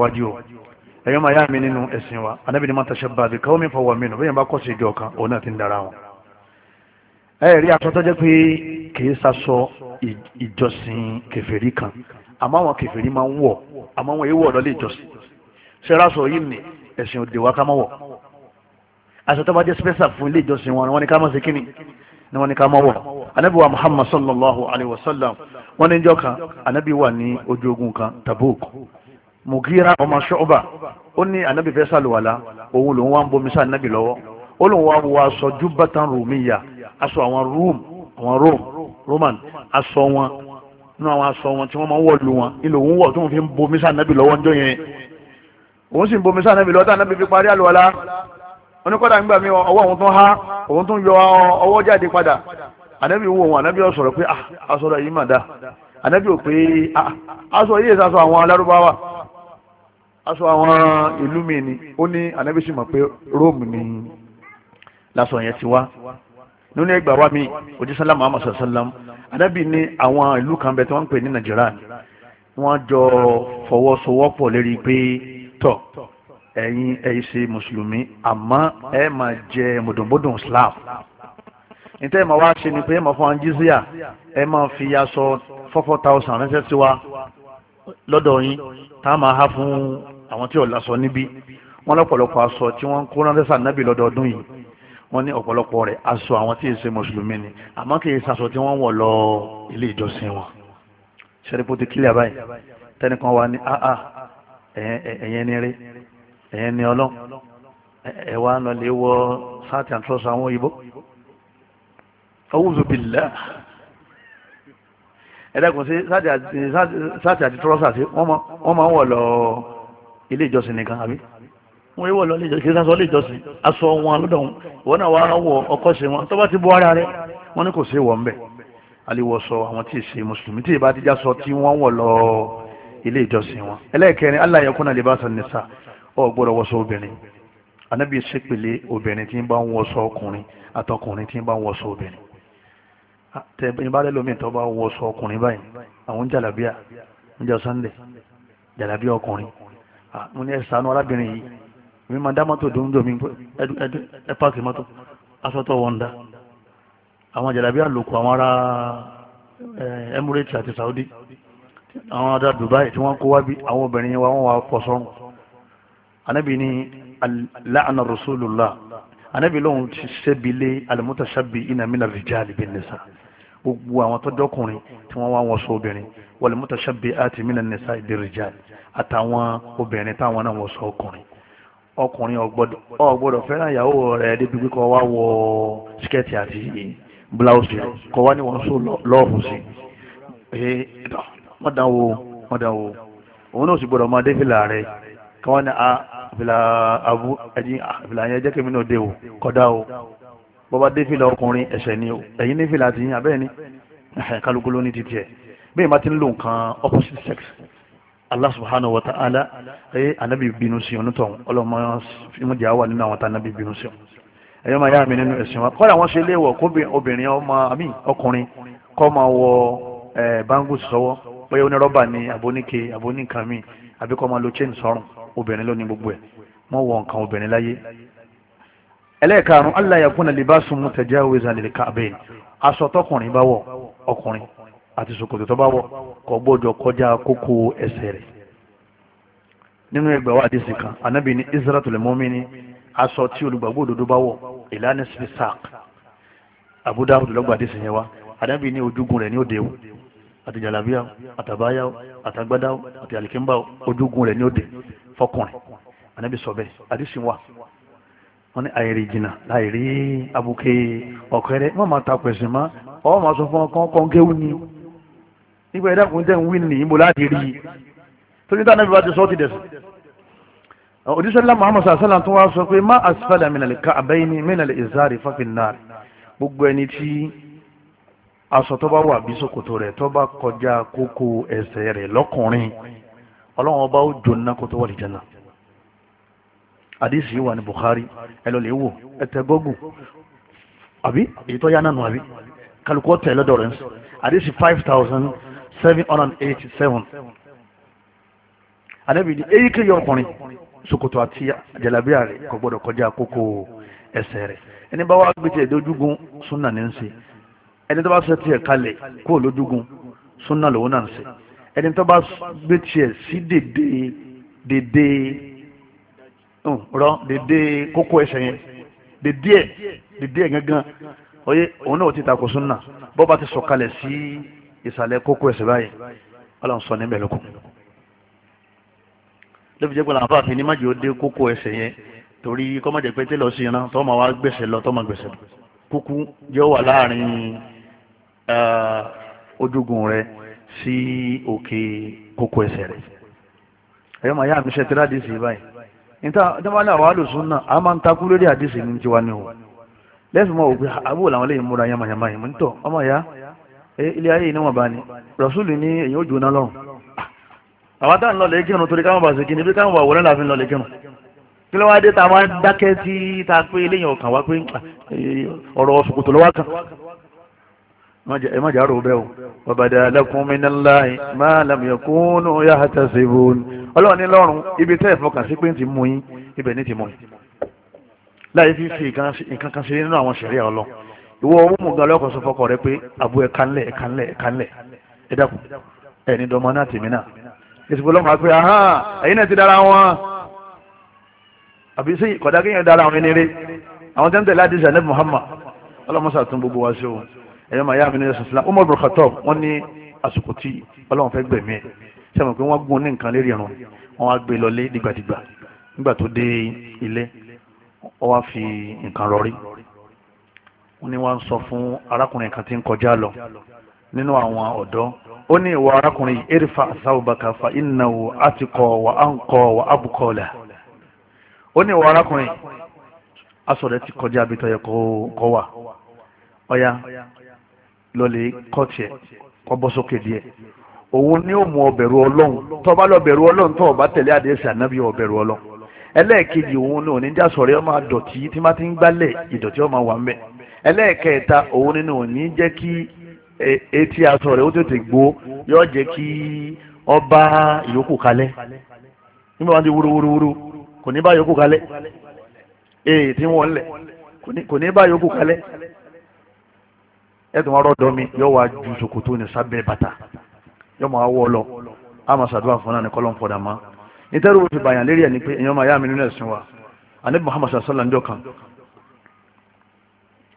ẹ̀yọ́ máa yá mi nínú ẹ̀sìn wa anábì ni máa tẹ̀sẹ̀ bá bí káwọn mi fọwọ́ mi nù bẹ́ẹ̀ bá kọ́ sí ìjọ kan òun náà ti ń dara wọn. ẹ rí aṣọ tó jẹ́ pé kì í sasọ ìjọsìn kẹfẹ́rí kan àmọ́ àwọn kẹfẹ́rí máa ń wọ̀ àmọ́ àwọn èèwọ̀ lọ́lẹ̀ ìjọsìn ṣẹ́ra sọ yìí ni ẹ̀sìn òde wa ká má wọ̀ aṣọ tó bá jẹ́ special fún ilé ìjọsìn wọn ni ká má ṣe kíni ni wọ́n ní ká má wọ̀ anabi wa muhammad sallallahu alayhi wa sallam wọ́n ní ìjọ kan anabi wà ní ojú ogun kan tabuk mugira ọmọ ṣọ́ọ̀bà ó ní anabi fẹ́ sàlùwàlà òun lòun wá ń bomi sáà nábì lọ́wọ́ ó lòun wá wọ aṣọ júbátàn rùmíyà aṣọ àwọn rome àwọn rome roman aṣọ wọn nínú àwọn aṣọ wọn tí wọ́n máa ń wọ̀ lu wọn ilé òun wọ̀ tó ń fi ń bomi sáà nábì lọ́wọ́ ńjọ́ yẹn òun sì ń bomi sáà nábì lọ́wọ́ tá nábì fi parí àlùwàlà oníkọ́dà ń gbà mí ọwọ́ òun tó há òun tó ń yọ ọwọ́ jáde padà ànábì wo òun ànábì ọ̀sọ̀rọ̀ pé ah aṣọ rẹ̀ yìí mà dá ànábì ò pé ah aṣọ yìí èso aṣọ àwọn alárúbáwá aṣọ àwọn ìlú mi ni ó ní ànábì sì mọ̀ pé róòmù ni lásọ yẹn ti wá nínú ẹgbàá wa mi òjísàlá muhammad sallam ànábì ní àwọn ìlú kan bẹ tí wọ́n ń pè ní nàìjíríà wọ́n jọ fọwọ́sowọ́pọ̀ lérí pé tọ̀ ẹ̀yin ẹ̀yin ṣe mùsùlùmí àmọ́ ẹ máa jẹ mùdùnmùdùn islam níta ẹ̀ máa wá ṣe ni pé ẹ máa fún anjizia ẹ máa fi aṣọ four four thousand rẹ́sẹ̀ sí wa lọ́dọ̀ yín tá a máa há fún àwọn tí ò lásọ níbí wọ́n lọ́pọ̀lọpọ̀ aṣọ tí wọ́n kó ránṣẹ́ sànábì lọ́dọọdún yìí wọ́n ní ọ̀pọ̀lọpọ̀ rẹ̀ aṣọ àwọn tí ì ṣe mùsùlùmí ni àmọ́ kì í ṣaṣọ tí wọ́n wọ̀ lọ ilé ìjọsìn wọn ṣẹ́rípò ti kílẹ̀ báyìí tẹ́nìkan wa ní áà ẹ̀yẹn ni rí ẹ̀yẹn ni ọlọ́ ẹ̀ wá lọ lè wọ sáàtì àtúnṣe àwọn òyìnbó. A'udhu billah ẹ̀dẹ́kùn sí sáàtì àti tọ́rọ́sà sí wọ́n máa ń wọ̀ lọ ilé ìjọsìn nìkan àbí wọ́n yóò wọ̀ lọ ilé ìjọsìn kìí sásọ ilé ìjọsìn aṣọ wọn lọ́dọ̀ wọn wọn náà wàá wọ ọkọ̀ sí wọn tó bá ti bọ́ ara rẹ wọn ní kò sí wọ̀ ńbẹ̀ aliwọ̀sọ àwọn tí ì ṣe mùsùlùmí tí ìbá ti já sọ tí wọ́n wọ̀ lọ ilé ìjọsìn wọn ẹlẹ́ẹ̀kẹrin aláyẹ̀kúnà lè bá sọ nìsa ọ gbọ́dọ̀ wọ́sọ obìnrin anábìyẹ sẹ́pẹ̀lẹ̀ obìnrin tí ń bá ń wọ́sọ ọkùnrin àtọkùnrin tí ń bá ń wọ́sọ obìnrin tẹ̀bínbárẹ́ lómi tó bá wọṣọ ọkùnrin báyìí àwọn jàlábíà ń jọ sunday jàlábíà ọkùnrin mo ní ẹ̀sánú arábìnrin yìí mi máa dá mọ́tò dùn jòmí ẹ pààkì mọ́tò asọ́tọ̀ wọ́ndà àwọn jàlábíà lòkù àwọn ará Emirates àti Saudi àwọn ará Dubai tí wọ́n kó wá bí àwọn obìnrin wa wọ́n wá pọ̀ sọ́run anábì ní láàánà rasulullah anábì lóhun ti ṣẹ́bi lé alimutashabi ina mina rijali bin nisa gbogbo àwọn tọ́jọ́kùnrin tí wọ́n wá wọn sọ obìnrin wal mutashabbihati minan nisa'i birrijal àtàwọn obìnrin táwọn náà wọ́n sọ ọkùnrin ọkùnrin ò gbọ́dọ̀ fẹ́ràn ìyàwó rẹ̀ débi pé kó wá wọ síkẹ́ẹ̀tì àti blouse rẹ̀ kó wá ní wọ́n sọ lọ́ọ̀fù sí i wọ́n dán wo wọ́n dán wo òun náà sì gbọ́dọ̀ máa dé fìlà rẹ̀ kí wọ́n ní àfìlà ah, àbú ẹ̀jìn àfìlà ah, yẹn jẹ́ kí mi náà dé o kódà o bọ́bá dé fìlà ọkùnrin ẹ̀ṣẹ̀ ni o ẹ̀yin ní fìlà àtìyìn abẹ́ẹ̀ ni kálukú ló ní títí ẹ̀ bẹ́ẹ̀ má ti ń lò nǹkan opposite sex Allah subhanahu wa ta'ala ẹ anabi bínú sí ọ̀nà tó ọlọ́mọ ìmọ̀dí àwọn nínú àwọn tá anabi bínú sí ọ ẹ̀yọ́ máa yá mi nínú ẹ̀sìn wa kọ́ra wọn ṣe léèwọ̀ obìnrin ọmọ àmì ọkùnrin kọ́ máa wọ bangu sọ́wọ́ bóyá oní rọ́bà ni àbóníke àbóníkàmí àbíkọ́ máa lo chain sọ́rùn obìnrin ló ní gbogbo ẹ̀ wọ́n wọ nǹkan obìnrin láyé ẹlẹ́ẹ̀karùn-ún aláyàkúnà libasun mutajawiza lil ka'bayn aṣọ tọkùnrin bá wọ ọkùnrin àti ṣòkòtò tó bá wọ kò gbọ́dọ̀ kọjá kókó ẹsẹ̀ rẹ̀ nínú ẹgbẹ̀ wa àdìsí kan anábì ní isratul mu'mini aṣọ tí olùgbàgbọ́ òdodo bá wọ ìlànà sí sàk Abu Dawud lọ́gbà àdìsí yẹn wa anábì ní ojúgun rẹ̀ ní òde o àti jalabiya àtàbáyá àtàgbádá àti alikimba ojúgun rẹ̀ ní òde fọkùnrin anábì sọ bẹ́ẹ̀ àdìsí wa wọ́n ní àìrí jìnnà àìrí abuké ọ̀kẹ́rẹ́ wọ́n máa ta pẹ̀sìn mọ́ ọ́ máa sọ fún ọkàn kọ́ńkéwù ni nígbà ẹ̀dá kò ń tẹ̀ ń wí ní ibo láti rí i torí táwọn ẹbí wa ti sọ ọ́ ti dẹ̀sìn. òdíṣẹ́lá muhammad sàṣẹ́lá tó wá sọ pé má asfala minal ka'bayni minal izari fafin nar gbogbo ẹni tí aṣọ tó bá wà bí ṣòkòtò rẹ̀ tó bá kọjá kókó ẹsẹ̀ rẹ̀ lọ́kùnrin ọlọ́run ọba ó jóná kó tó wà lìjánà àdísì wà ní Bukhari ẹlọ́lẹ̀ wò ẹ̀tẹ̀ gọ́gù àbí èyí tó yá náà nù àbí kálukọ́ tẹ̀ lọ́dọ̀ rẹ̀ àdísì five thousand seven hundred and eighty seven ànábì ní èyíkéyìí ọkùnrin ṣòkòtò àti jàlábíà rẹ̀ kò gbọ́dọ̀ kọjá àkókò ẹsẹ̀ rẹ̀ ẹni bá wá gbé tiẹ̀ dójúgun súnà ní ń ṣe ẹni tó bá sọ tiẹ̀ kalẹ̀ kó lójúgun súnà lòun náà ń ẹni tó bá gbé sí dédé dédé rọ dédé kókó ẹsẹ̀ yẹn dede, ẹ̀ dédé ẹ̀ gangan oye òun náà ti takò súnà bó bá ti sọ̀kalẹ̀ sí ìsàlẹ̀ kókó ẹsẹ̀ báyìí ọlọ́run sọ níbẹ̀ lóko lóbi jẹ́ pé làwọn afáàfin ní májèlé dé kókó ẹsẹ̀ yẹn torí kọ́mọ̀jẹ̀ pé tẹ́lọ̀ sí iná tó máa wá gbèsè lọ tó máa gbèsè lọ kúkú yóò wà láàrin ojúgun rẹ sí òkè kókó ẹsẹ̀ rẹ ẹ̀yọ́ màá yá àmì ṣe tẹ́lá dé sí báyìí. nítawọn àwọn alùsùn náà a máa ń takú lórí àdìsí ní tiwa ah, ní o lẹ́sùn mọ́ òpin àbúrò làwọn lè múra yamayama yìí nítọ̀ ọmọ ya ilé ayé yìí níwọ̀n bá ní ní èyí ó jóná lọ́hùn àwọn lọ lè kírun torí káwọn bá ṣe ni bí káwọn wà wọlé lọ lè kírun kí ló wá dé a máa dákẹ́ tí tá pé eléyìn ọkàn wá pé ah, ọ̀rọ̀ ṣòkòtò lọ́wọ́ ẹ má jà rò bẹ́ẹ̀ ọlọ́run ní lọ́rùn ibi tẹ́ ìfọkàn sí pé ń ti mú yín ibẹ̀ ní ti mú yín láyé fi fi nǹkan kan ṣe nínú àwọn ṣẹ̀ríà ọlọ́ ìwọ ọmú gan lọ́kọ̀ sọ fọkọ rẹ pé àbú ẹ̀ kanlẹ̀ ẹ̀ kanlẹ̀ ẹ̀ kanlẹ̀ ẹ̀ dàkú ẹ̀ ní dọmọ náà tèmi náà èsì pé lọ́mọ pé ahán ẹ̀yin náà ti dára wọn àbí sí kọ̀dá kéèyàn dára àwọn eléré àwọn tẹ́ ń tẹ̀lé àdìsí àlẹ́ Muhammad ọlọ́mọṣà tún gbogbo wa sí o ẹ̀yọ́ màá yá mi ní ẹ̀sìn Islam Umar burkhatov wọ́n ní àsìkò tí ọlọ́run fẹ́ gbẹ̀mí ẹ̀ sẹ́wọ̀n pé wọ́n gún ní nǹkan lérí irun wọ́n wá gbé lọlé dìgbàdìgbà nígbà tó dé ilé wá fi nǹkan rọrí wọ́n wa wọ́n sọ fún arákùnrin kan tí ń kọjá lọ nínú àwọn ọ̀dọ́ ó ní ìwọ arákùnrin yìí erifa sábàbàkà fa innahu atiqa wa wa ó ní ìwọ arákùnrin aṣọ ti kọjá abitọ yẹ kó wà ọya lọlé kọ́ọ̀tì ẹ̀ kọ́ sókè òun ni ó mú ọbẹ̀rù ọlọ́run tó bá ọlọ́run tó bá tẹ̀lé àdéhùn ànábì ọbẹ̀rù ọlọ́run ẹlẹ́ẹ̀kejì òun ni òní já sọ̀rọ̀ ọmọ àdọ̀tí tí ti ń gbálẹ̀ ìdọ̀tí ọmọ wà ń bẹ̀ ẹlẹ́ẹ̀kẹta òun ni òní jẹ́ kí e, etí rẹ̀ ó tètè gbó ọba ìyókù kalẹ̀ nígbà wọn ti wúru wúru wúru ee tí wọ́n lẹ̀ kò ní bá yókù kalẹ̀ wá ju yọ máa wọ́ lọ a máa ṣàdúrà fún náà ní kọ́lọ́n fọ̀dà má nítorí wọ́n fi bàyàn lérí ẹ̀ ní pé èèyàn máa yá mi nínú ẹ̀sìn wa ànábì Muhammad sallam jọ kan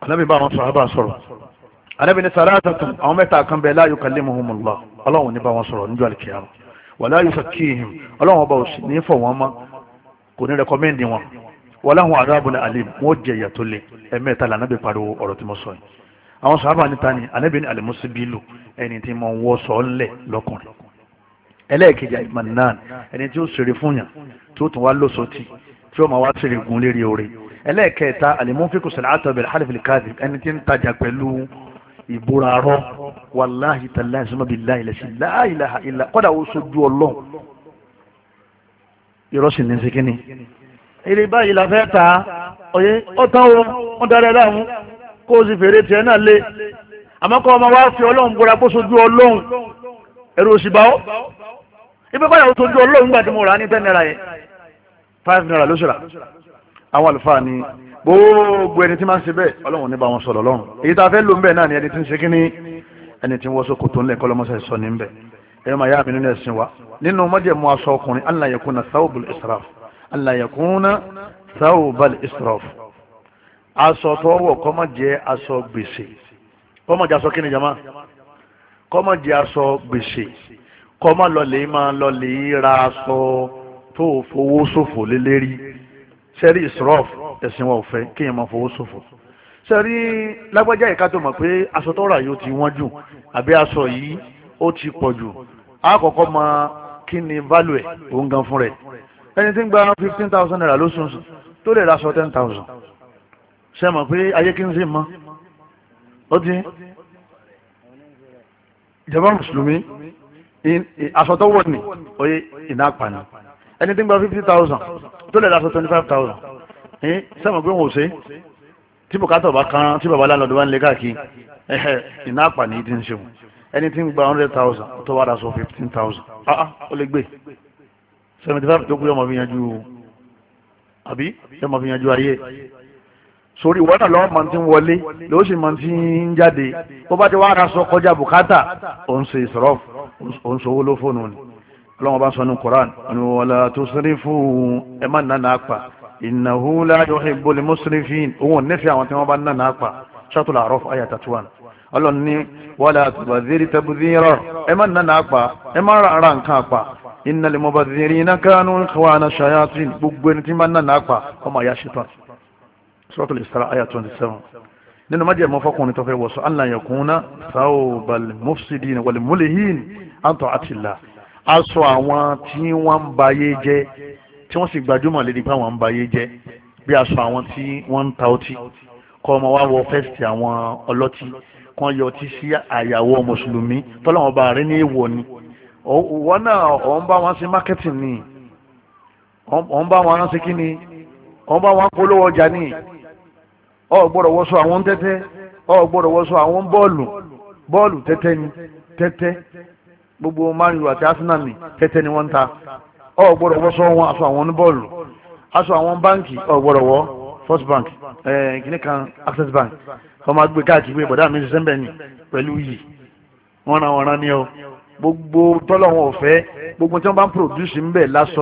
ànábì bá àwọn sàhábà sọ̀rọ̀ ànábì ní sàrátàtùn àwọn mẹ́ta kan bẹ́ẹ̀ la yukallimuhumullah ọlọ́run ní bá wọn sọ̀rọ̀ níjọ́ àlìkìyàmù wala yuzakkihim ọlọ́run ọba òsì ní fọ̀ wọn mọ́ kò ní rẹkọmẹ́ndì wọn wala hum adhabun alim wọn jẹ tó le ẹ̀mẹ́ta lànà bí pariwo ọ̀rọ̀ tí mo sọ yìí àwọn sábà níta ni ànábì ní alimusibilu ẹni tí mo ń wọ sọ ńlẹ̀ lọ́kùnrin ẹlẹ́ẹ̀kejì imanan ẹni tí ó ṣeré fún yàn tí ó tún wá lóṣòtì tí ó máa wá ṣeré gun lérí oore ẹlẹ́ẹ̀kẹta alimufiku sàlátọ̀ bẹ̀rẹ̀ halifi káàdì ẹni tí ń tajà pẹ̀lú ìbúra rọ wàláhi tàláhi sọmọ bíi láì lẹsìn láì láha kọ́dà ó sojú ọlọ́run ìrọ́sìn ní sikini èrè báyìí la fẹ́ ta ọ̀yẹ́ ọ̀tá o wọ́n darí ẹ̀ láàmú kó o sì fèrè tiẹ̀ náà lé àmọ́ kọ́ ọmọ wa fi ọlọ́run bóra kó sojú ọlọ́run ẹ̀rù òsì bá ọ́ ibi báyà ó sojú ọlọ́run gbà tí mo rà á ní ten naira yẹn five naira ló ṣe rà àwọn àlùfáà ni gbogbo ẹni tí máa ń ṣe bẹ́ẹ̀ ọlọ́run ní bá wọn sọ̀rọ̀ lọ́run èyí tá a fẹ́ lò ń bẹ̀ náà ni ẹni tí ń ṣe kí ni ẹni tí ń wọ́sọ kò tó ń lẹ̀ kọ́ sọ ní bẹ̀ ẹ̀rọ màá yá mi nínú ẹ̀sìn wa nínú mọ́jẹ̀mú aṣọ ọkùnrin allah yakuna israf allah yakuna israf aṣọ tọ́wọ̀ kọ́mọ jẹ́ aṣọ gbèsè kọ́mọ jẹ́ aṣọ kíni jama kọ́mọ jẹ́ aṣọ gbèsè kọ́mọ lọlẹ̀ máa lọlẹ̀ ra aṣọ tó fowó ṣòfò lélẹ́rí sẹ́rí israf ẹ̀sìn wọn ò fẹ́ kí èèyàn máa fowó ṣòfò sẹ́rí lágbájá ìka tó mọ̀ pé aṣọ tó rà yóò ti wọ́n jù àbí aṣọ yìí ó ti pọ̀ jù àkọ́kọ́ máa kí ni value ẹ̀ òun gan fún rẹ̀ ẹni tí ń gba fifteen thousand naira lóṣooṣù tó lè ra aṣọ ten thousand ṣe mọ̀ pé ayé kí n sí mọ́ ó ti ìjọba mùsùlùmí aṣọ tó wọ̀ ní oyè iná apànà ẹni tí ń gba fifty thousand tó lè lásọ twenty five thousand ní sẹ́wọ̀n pé wọn ò ṣe tí bùkátà bá kan tí bàbá aláǹdọ̀ bá ń lé káàkiri ẹ̀hẹ̀ iná apànà ti ń ṣe wọn ẹni tí ń gba hundred thousand tó wà lásọ fifteen thousand ah ah ó lè gbé seventy five tó kú yọmọ fi yanjú àbí yọmọ fi yanjú ayé sórí ìwọ náà lọ́wọ́ máa ti ń wọlé ló sì máa ti ń jáde bó bá ti wá ara sọ kọjá bùkátà òun ṣe ìsọ̀rọ̀ òun ṣòwò ló fóònù ni ọlọ́wọ́n bá ń sọ ní Koran ọ̀nàwọ̀lá tó sẹ́rí fún ẹ má nà náà pa innahu la yuhibbul musrifin òun ò nífẹ̀ẹ́ àwọn tí wọ́n bá nà náà pa Suratul A'raf àyà tàtúwàn ọlọ́run ní wàlá àtùbàzírí tabuzira ẹ má nà náà pa ẹ má nà náà pa suratul Isra ayah twenty seven nínú májèmọ́ fọkùnrin tó fẹ́ wọ̀sán an la yakuna thawbal mufsidin wal mulihin an ta'atillah aṣọ àwọn tí wọ́n ń bayé jẹ́ tí wọ́n sì gbajúmọ̀ lè nípa àwọn ń bayé jẹ́ bí aṣọ àwọn tí wọ́n ń ta ọtí kọ́ ọmọ wa wọ fẹ́sìtì àwọn ọlọ́tí kan yọ ọtí sí àyàwó mùsùlùmí tọ́lọ́wọ́n bá rẹ wọn polówó ọjà ni ọ gbọ́dọ̀ wọṣọ àwọn tẹ́tẹ́ ọ gbọ́dọ̀ àwọn bọ́ọ̀lù bọ́ọ̀lù tẹ́tẹ́ ni gbogbo manu àti arsenal ni tẹ́tẹ́ ni ta ọ gbọ́dọ̀ wọn aṣọ àwọn bọ́ọ̀lù aṣọ àwọn báǹkì ọ first bank kìnnì kan access bank ọmọ agbè káàkiri ìbọ̀dá mi ṣiṣẹ́ ń ni pẹ̀lú yìí wọ́n ran ni gbogbo tọ́lọ̀ wọn gbogbo tí bá ń produce ń bẹ̀ lásọ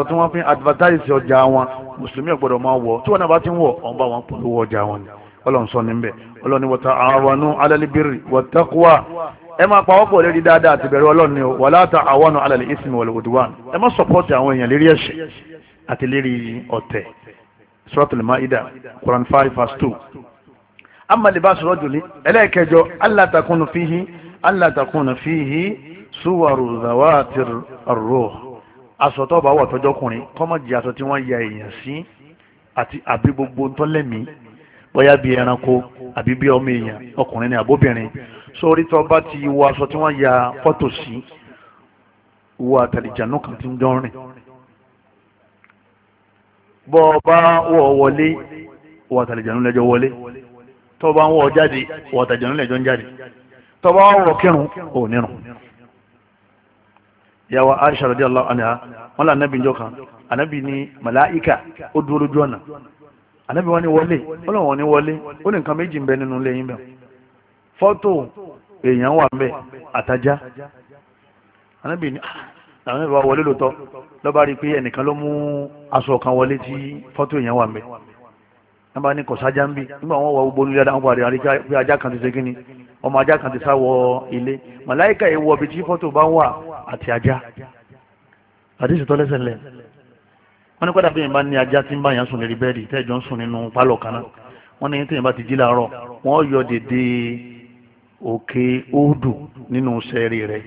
ọjà wọn mùsùlùmí ọ̀gbọ́dọ̀ ọlọ́run sọ ní bẹ̀ ọlọ́run ni wọ́ta àwọnú alẹ́lẹ́bìrì wọ́tẹ́kùwà ẹ máa pa ọkọ̀ lérí dáadáa àti bẹ̀rẹ̀ ọlọ́run ni wà láta àwọnú alẹ́lẹ́ ìsinmi wọlé òdùwà ẹ má sọpọ́tì àwọn èèyàn lérí ẹ̀ṣẹ̀ àti lérí ọ̀tẹ̀ suratul maida quran five verse two amma libasu rajuli ẹlẹ́ẹ̀kẹjọ alla takunu fihi alla takunu fihi suwaru zawatir ar-ruh aṣọ àti àbí gbogbo ntọ́lẹ́mìí bóyá bíi ẹranko àbí bíi ọmọ èèyàn ọkùnrin ni àbóbìnrin sórí tó bá ti wọ aṣọ tí ya fọ́tò sí wọ àtàlìjànú kan ti ń ọ bá wọlé wọ àtàlìjànú lẹ́jọ́ wọlé tó bá ń wọ̀ jáde wọ àtàlìjànú lẹ́jọ́ ń jáde tó bá wọ̀ kírun ò nírun Aisha wọn là njọ kan ànàbì ni màláìka ó dúró lójú ọ̀nà ànábì wọn ni wọlé ọlọ́run wọn ni wọlé ó ní nǹkan méjì ń bẹ nínú ilé yín bẹ̀ fọ́tò èèyàn wà ń àtajá ànábì ni ah! ànábì wa wọlé lóòótọ́ lọ́ba rí i pé ẹnìkan ló mú aṣọ kan wọlé tí fọ́tò èèyàn wà ń bẹ̀ nígbà ní kọ̀sájá ń bì nígbà wọn wọ gbogbo nílé adáwọn parí àrí pé ajá kan ti ṣe kíni ọmọ ajá kan ti sá wọ ilé màláìka ìwọ ibi tí bá wà àti ajá àdéhùn tó lẹ́sẹ̀ lẹ́yìn wọ́n ní kọ́dà bí yẹn bá ní ajá tí ń bá yẹn sùn lérí bẹ́ẹ̀dì tẹ́jọ́ ń sùn nínú pálọ̀ kan náà wọ́n ní tẹ́yìn bá ti jí láàárọ̀ wọ́n yọ dèdè òkè òdù nínú sẹ́ẹ̀rì rẹ̀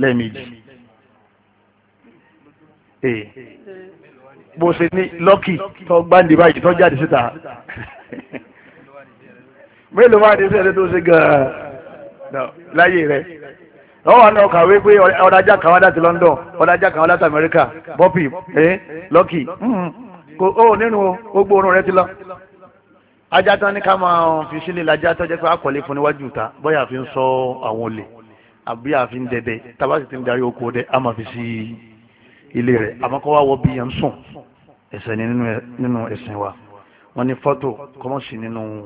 lẹ́ẹ̀mejì bó ṣe ní lọ́kì tó gbáǹdì báyìí tó jáde síta (laughs) mélòó wá ní sẹ́ẹ̀rì tó ṣe gan-an láyé rẹ̀ wọ́n wà náà kàwé pé ọ̀dájà kan wá láti London ọ̀dájà kan wá láti America bọ́pì eh? Lucky. Mm-hmm. kò ó nínú gbogbo orun rẹ ti lọ. ajá tán ní ká máa fi sílé lajá tó jẹ́ pé akọ̀lé fún níwájú ta bóyá àfi ń sọ àwọn olè àbí àfi ń dẹdẹ tàbá sì ti ń darí oko dẹ a máa fi sí ilé rẹ̀ àmọ́ kọ́ wá wọ bí yẹn ń sùn ẹ̀ṣẹ̀ ni nínú ẹ̀sìn wa wọ́n ní fọ́tò kọ́mọ́sì nínú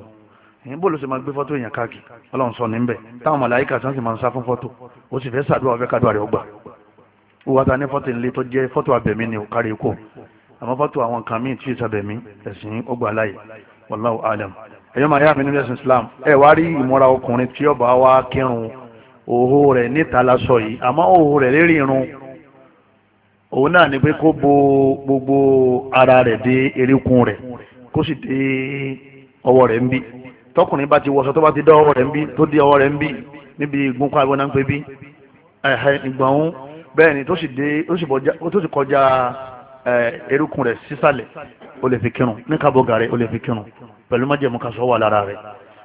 bó ló ṣe máa gbé fọ́tò èèyàn káàkiri ọlọ́run sọ níbẹ̀ táwọn màláíkà sàn sì máa ń sá fún fọ́tò ó sì fẹ́ sàdúrà ọ̀fẹ́ kádùn àrẹ ọgbà wíwá ta ní fọ́tò ilé tó jẹ́ fọ́tò abẹ̀mí ni ò kárí kò àmọ́ fọ́tò àwọn kan míì tí ì sàbẹ̀mí ẹ̀sìn ọgbà láyè wallahu alam ẹ̀yọ́ máa yá mi nílẹ̀ islam ẹ̀ wá rí ìmúra ọkùnrin tí ọba wa kírun òhó rẹ̀ níta lásọ yìí àmọ́ òhó rẹ̀ lérí irun òun náà ni pé kó bo gbogbo ara rẹ̀ dé erékùn rẹ̀ kó sì dé ọwọ́ rẹ̀ ń bí tọkùnrin bá ti wọṣọ tó bá ti dá ọwọ́ rẹ̀ ń bí tó di ọwọ́ rẹ̀ ń bí níbi ìgúnpá ìwọ náà ń pè bí ìgbọ̀n bẹ́ẹ̀ ni tó sì dé tó sì kọjá erékùn rẹ̀ sísàlẹ̀ o lè fi kírun ní kábọ̀gà rẹ̀ o lè fi kírun pẹ̀lú májèmú kaṣọ wà lára rẹ̀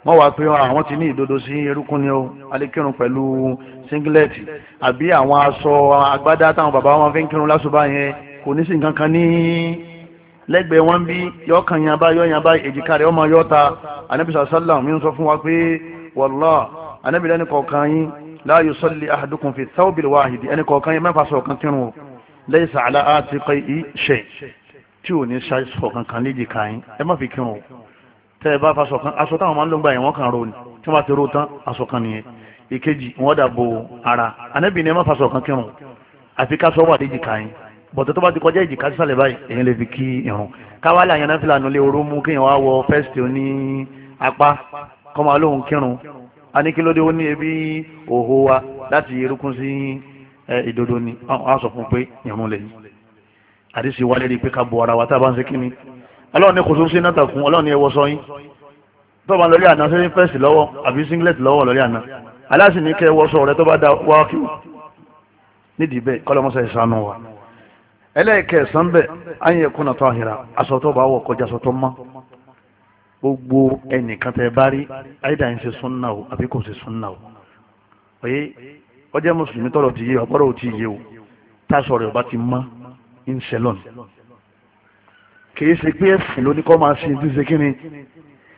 wọ́n wá pé àwọn ti ní ìdodo sí erékùn ni o alékírun pẹ̀lú singlet àbí àwọn aṣọ agbádá táwọn bàbá wọn fi ń kírun lásùbà kò ní sí nǹkan kan ní lẹ́gbẹ̀ẹ́ wọn bí yọ kàn yàn bá yọ yàn bá èjìká rẹ̀ ọmọ yọ ta anabi sàlá mi sọ fún wa pé wàllá anabi lẹ́ni kọ̀ọ̀kan yín la yusalli ahadukum fi thawbil wahidi ẹni kọ̀ọ̀kan yín mẹ́fà sọ̀kan tí wọn laysa ala atiqihi shay tí ò ní sọ̀kan kan léjì ká yín ẹ má fi kírun o tẹ́ ẹ bá fa sọ̀kan aṣọ táwọn máa ń lò gbà yẹn wọ́n kàn ro ni tí wọ́n ti ro tán aṣọ kan nìyẹn ìkejì wọ́n dà ara anabi ni ẹ má fa sọ̀kan kírun àfi ká sọ wà léjì ká yín bọ̀tọ̀ tó bá ti kọjá ìjìká sísàlẹ̀ báyìí èyàn lè fi kí irun káwálé àyàn náà fìlànà lé oró mú kéèyàn wá wọ fẹ́sìtì oní apá kọ́mọ alóhùn kírun a ní kí ló dé ó ní ebi òhó wa láti irúkún sí ìdodo ni a sọ fún pé irun lè yìí àdìsí wálé rí i pé ká bo ara wa tá a bá ń ṣe kí ni ọlọ́run ní kò sún sí náà fún ọlọ́run ní ẹwọ́ sọ yín tó bá lórí àná sẹ́yìn fẹ́sì lọ́wọ́ àbí singlet lọ́wọ́ lórí àná aláṣì ní kẹ́ ẹwọ́ sọ rẹ tó bá da wá kí nídìí bẹ́ẹ̀ kọ́lọ́mọṣẹ́ ìsànú wa. ẹlẹ́ẹ̀kẹsàn bẹ̀ ayé kúnà tó n'a aṣọ bá wọ̀ kọjá aṣọ mọ́ gbogbo ẹnìkan tẹ bá rí àyídà ń ṣe súnà o àbí kò ṣe súnà o oye ọjọ́ mùsùlùmí tọrọ ti yé ọgbọ́dọ̀ ti yé o táṣọ ọba ti mọ́ ń ṣẹlọ́n kìí ṣe pé ẹ̀sìn kọ́ máa ti ṣe kí ni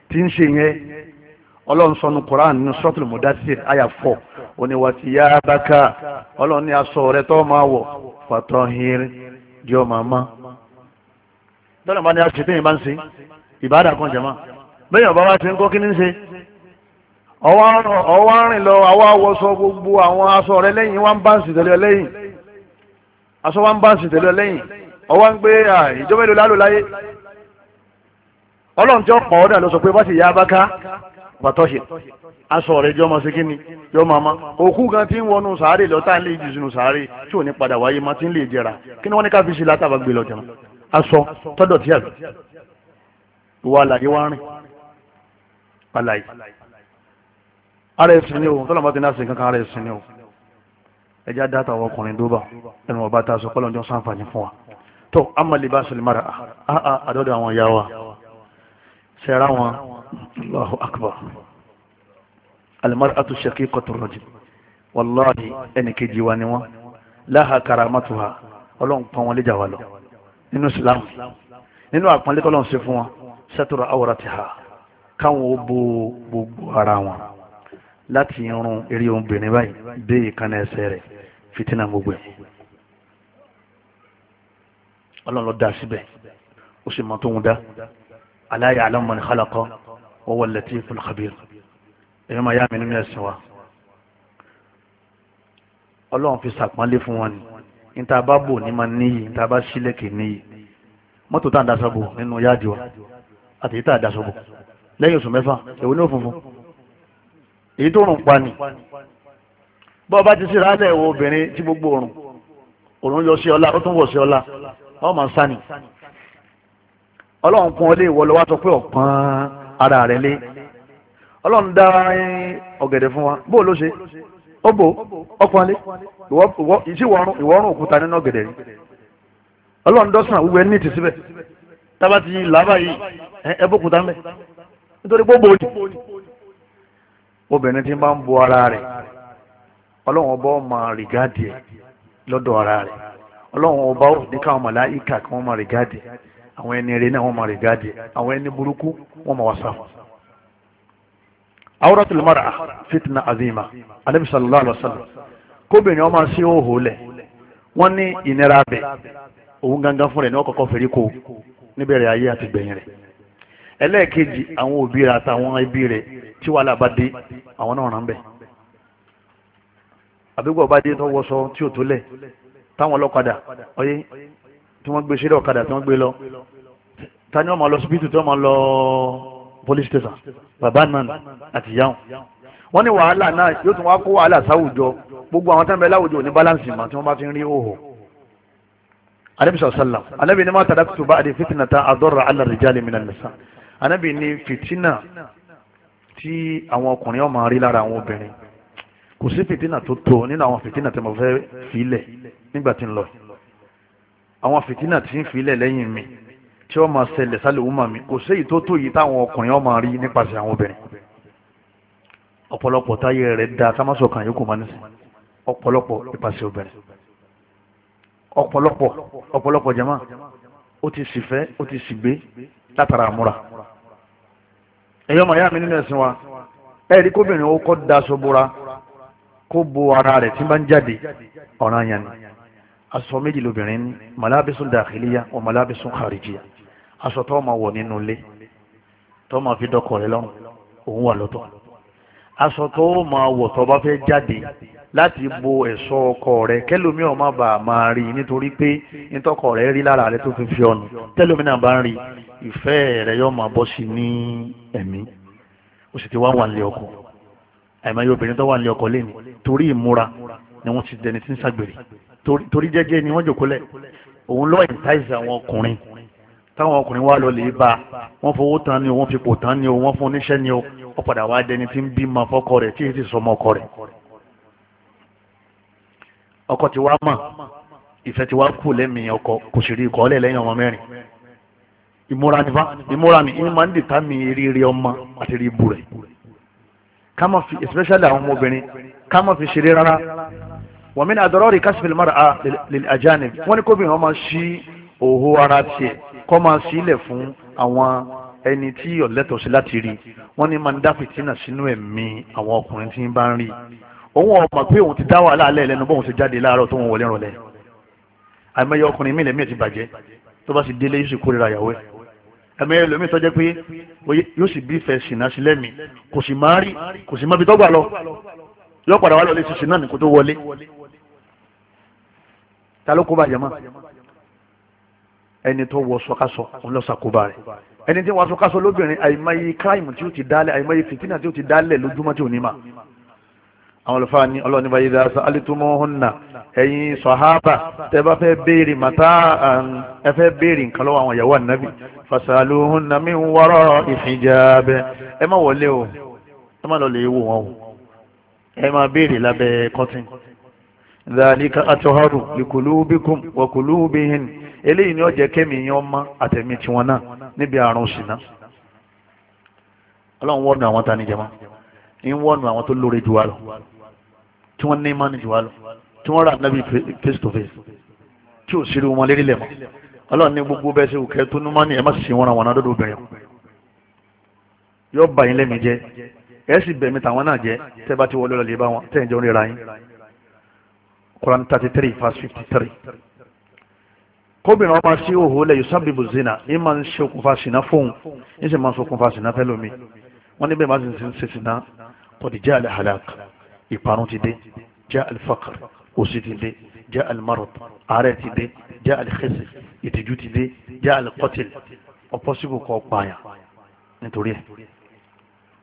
ti ń ṣe yẹn ọlọ́run ní àyà fọ́ ọlọ́run ní jẹ́ ọmọ ọmọ tọ́lá bá ní aṣọ tí yìí bá ń ṣe ìbáàdà kan jẹ̀mọ́ bẹ́ẹ̀ ọba wa ti ń kọ́ kí ní ṣe ọwọ́ rìn lọ àwọn awọṣọ gbogbo àwọn aṣọ rẹ lẹ́yìn wá ń bá ń sì tẹ̀lé lẹ́yìn aṣọ wá ń bá ń sì tẹ̀lé lẹ́yìn ọwọ́ ń gbé ìjọba èlò lálò láyé ọlọ́run tí ó pọ̀ ọ́dà lọ sọ pé bá ti yá abáká pàtọ́ṣe aṣọ rẹ̀ jọ ma ṣe kí ni jọ ma ma òkú gan tí ń wọnú sàárè lọ́tà ń lè jù sínú sàárè tí ò ní padà wáyé ma ti ń lè jẹra kí ni wọ́n ní ká fi ṣe látàbà gbé lọ́jọ́ aṣọ tọ́dọ̀ tí àbí ìwà àlàyé wá rìn àlàyé ara ẹ̀sìn ni o tọ́lá bá ti ní àṣẹ kankan ara ẹ̀sìn ni o ẹja dáta àwọn ọkùnrin dóbà ẹnu ọba tá a sọ pẹ́lú ọjọ́ sáǹfààní fún wa tó amalibasul mara àádọ́dọ̀ àwọn ìyá wa ṣẹ̀ra wọn Allahu akbar almar'atu shaqiqatu rajul wallahi ẹnì kejì wa ni wọ́n láha karamatuha ọlọ́run pọ́n wọn léjà wa lọ nínú islam nínú àpọ́nlé tọ́lọ́run ṣe fún wọn satura awratiha káwọn ó bo gbogbo ara wọn láti irun eré obìnrin báyìí dé ìkànnì ẹsẹ̀ rẹ̀ fitina gbogbo ẹ̀ ọlọ́run ló dá síbẹ̀ ó sì mọ tó ń dá aláyà alámọ̀ni khalaqa wa huwa al-latiful khabir èyí máa yá mi nínú ẹ̀sìn wa ọlọ́run fi sàpọ́nlé fún wọn ni níta bá bò ní máa níyì níta bá sílẹ̀kì níyì mọ́tò tá à ń daṣọ́bò nínú yáàdì wa àti èyí tá à ń daṣọ́bò lẹ́yìn oṣù mẹ́fà èwo ní òfunfun èyí tó rùn pa ni bọ́ bá ti síra lẹ̀ wo obìnrin tí gbogbo òrùn òrùn yọ sí ọlá ó tún wọ̀ sí ọlá ọ máa ń sá ọlọ́run kún ọ ìwọ lọ́wọ́ sọ pé ọ̀pọ̀n ara rẹ̀ lé ọlọrun dá ọ̀gẹ̀dẹ̀ fún wa bó ló ṣe ó bò ọkùnrin ìṣìwọ̀rùn ìwọ̀rùn òkúta nínú ọ̀gẹ̀dẹ̀ rí ọlọrun dọ́sàn wíwẹ́ ní ìtì síbẹ̀ tába ti làbá yìí ẹbùkúta mẹ́ nítorí pé obìnrin tí bá ń bo ara ọba ọmọ rìgáàdì ara ọba kí àwọn ẹni eré náà wọ́n ma rí gáàdì àwọn ẹni burúkú wọ́n máa wá mar'a fitna azima anabi sallallahu kóbìnrin ọmọ sí òhò lẹ̀ wọ́n ní ìnira abẹ òun gangan fún rẹ̀ ní ọkọ̀ọ̀kọ̀ fèrè kó níbẹ̀rẹ̀ ayé àti gbẹ̀yìn rẹ̀ ẹlẹ́ẹ̀kejì àwọn òbí rẹ̀ àtàwọn ẹbí rẹ̀ tí wàhálà bá dé àwọn náà àbígbọ̀ bá dé tí wọ́n gbé ṣẹ́lẹ̀ ọ̀kadà tí wọ́n gbé lọ ta ni wọ́n máa lọ síbítù tí wọ́n máa lọ police station bàbá nan àti yahun wọ́n ní wàhálà náà yóò tún wá kó wàhálà sáwùjọ gbogbo àwọn tẹ́lẹ̀ láwùjọ ní balance mà tí wọ́n bá fi rí òhò anabi sọ sálàm anabi ní ma tàdá tó bá àdé fitina ta àdọ́rà alàrìjálè mi nàlẹ́sà anabi ní fitina tí àwọn ọkùnrin ó máa rí lára àwọn obìnrin kò sí fitina tó tó nínú àwọn fitina tí mo fẹ́ fi ilẹ̀ nígbà tí ń lọ yìí àwọn fìtínà tí ń filẹ̀ lẹ́yìn mi tí ó máa ṣẹlẹ̀ sálẹ̀ wúmọ̀ mi kò sí èyí tó tó yìí táwọn ọkùnrin ó máa rí nípasẹ̀ àwọn obìnrin ọ̀pọ̀lọpọ̀ táyé rẹ̀ da sámásọ̀ kan yòókù máa nísìn ọ̀pọ̀lọpọ̀ nípasẹ̀ obìnrin ọ̀pọ̀lọpọ̀ ọ̀pọ̀lọpọ̀ jẹ́mọ́ ó ti sì fẹ́ ó ti sì gbé látara àmúra ẹ̀yọ́ màá yá mi nínú ẹ̀sìn wa ẹ̀rí kóbìnrin ó kọ́ da sobora kó bo ara rẹ̀ tí bá ń jáde ọ̀ràn yẹn ni aṣọ méjì lóbìnrin ní malabisun dakhiliya wa malabisun kharijiya aṣọ tó máa wọ̀ nínú ilé tó máa fi dọ́kọ̀ rẹ lọ́rùn òun wà lọ́tọ̀ aṣọ tó máa wọ̀ tó bá fẹ́ jáde láti bo ẹ̀ṣọ́ ọkọ rẹ kẹlòmíràn má bàa máa rí nítorí pé nítọkọ rẹ rí lára rẹ tó fi fi ọ̀nà tẹlòmíràn bá ń rí ìfẹ́ rẹ yóò máa bọ́ sí ní ẹ̀mí ó sì ti wá wà nílé ọkọ àìmọye obìnrin tó wà nílé ọkọ lẹ́nu torí ìmúra ni wọ́n ti dẹni tí ń ṣàgbèrè torí jẹ́jẹ́ ni wọn jòkólẹ̀ òun lọ entice àwọn ọkùnrin táwọn ọkùnrin wà lọ lè bá wọn fowó tán ni o wọn fipò tán ni o wọn fún oníṣẹ́ ni o ó padà wá dẹni tí ń bímọ fọ́kọ rẹ̀ tí èyí sì sọmọ ọkọ ọkọ ti ọkọ kò sì rí ọmọ ìmúra nípa ìmúra ń dìtà mi rírí ọmọ àti rí ká fi especially àwọn ọmọbìnrin ká fi ṣeré wọ́n mi ní adọ́rọ́rì kásìfìlì mara lil'ajanib wọ́n ní kóbìnrin wọn máa ṣí òhó ara tiẹ̀ kọ́ máa sílẹ̀ fún àwọn ẹni tí ọ̀lẹ́tọ̀ sí láti rí wọ́n ní máa ń dá fìtínà sínú ẹ̀mí àwọn ọkùnrin tí ń bá ń rí òun ọmọ pé òun ti dá wàhálà alẹ́ lẹ́nu bóun ṣe jáde láàárọ̀ tó ń wọlé rànlẹ́ àmọ́ ẹyọ ọkùnrin mílẹ̀ mílẹ̀ ti bàjẹ́ tó bá sì délé yóò sì kórira ìyàwó ẹ̀ ẹ̀mí ẹlòmíì tó pé yóò sì bí fẹ̀ẹ́ sìnà sí lẹ́mìí kò sì má rí kò sì má bi tọ́gbà lọ yóò padà wá lọ ta ló kó bá jama ẹni tó wọ sọkásọ òun lọ sàkóbá rẹ ẹni tí wọ sọkásọ lóbìnrin àìmọye crime tí ó ti dálẹ̀ àìmọye fìtínà tí ó ti dálẹ̀ lójúmọ́ tí ò ní mà àwọn olùfà ni ọlọ́ọ̀ni bá yé dáa sọ alitumuhunna ẹ̀yin sọ̀hábà tẹ́ bá fẹ́ béèrè màtá ẹ fẹ́ béèrè nǹkan lọ́wọ́ àwọn ìyàwó ànábì fasaluhunna min wara'i hijab ẹ má wọlé o ẹ má lọ lè wò wọn o ẹ má béèrè lábẹ́ kọ́tìn dhalika atọ́hárù likulubikum wa kulubihin eléyìí ni ó jẹ́ kẹ́mi yẹn ọmọ àtẹ̀mí tiwọn náà níbi àrùn ṣìnà ọlọ́run wọ́n nu àwọn tani jẹ́mọ́ ń wọ́n nu àwọn tó lóore jù wá lọ tí wọ́n ní mánì jù face to face tí ò sí irú wọn lérí lẹ̀ gbogbo bẹ́ẹ̀ Quran 33, verse 53. three kóbìnrin ọmọ sí òhò lẹ yusabibu zina ní máa ń ṣokùnfà sínà fóun ní sì máa ń ṣokùnfà sínà fẹlómi wọn níbẹ̀ máa ń sin ṣe sínà kọ́dí jẹ́ àlẹ́ halak ìparun ti dé jẹ́ alifakar òsì ti dé jẹ́ alimarot àárẹ̀ ti dé jẹ́ alihẹ́sì ìtìjú ti dé jẹ́ alikọ́tìl ọ̀pọ̀sibù kọ́ pààyàn nítorí ẹ̀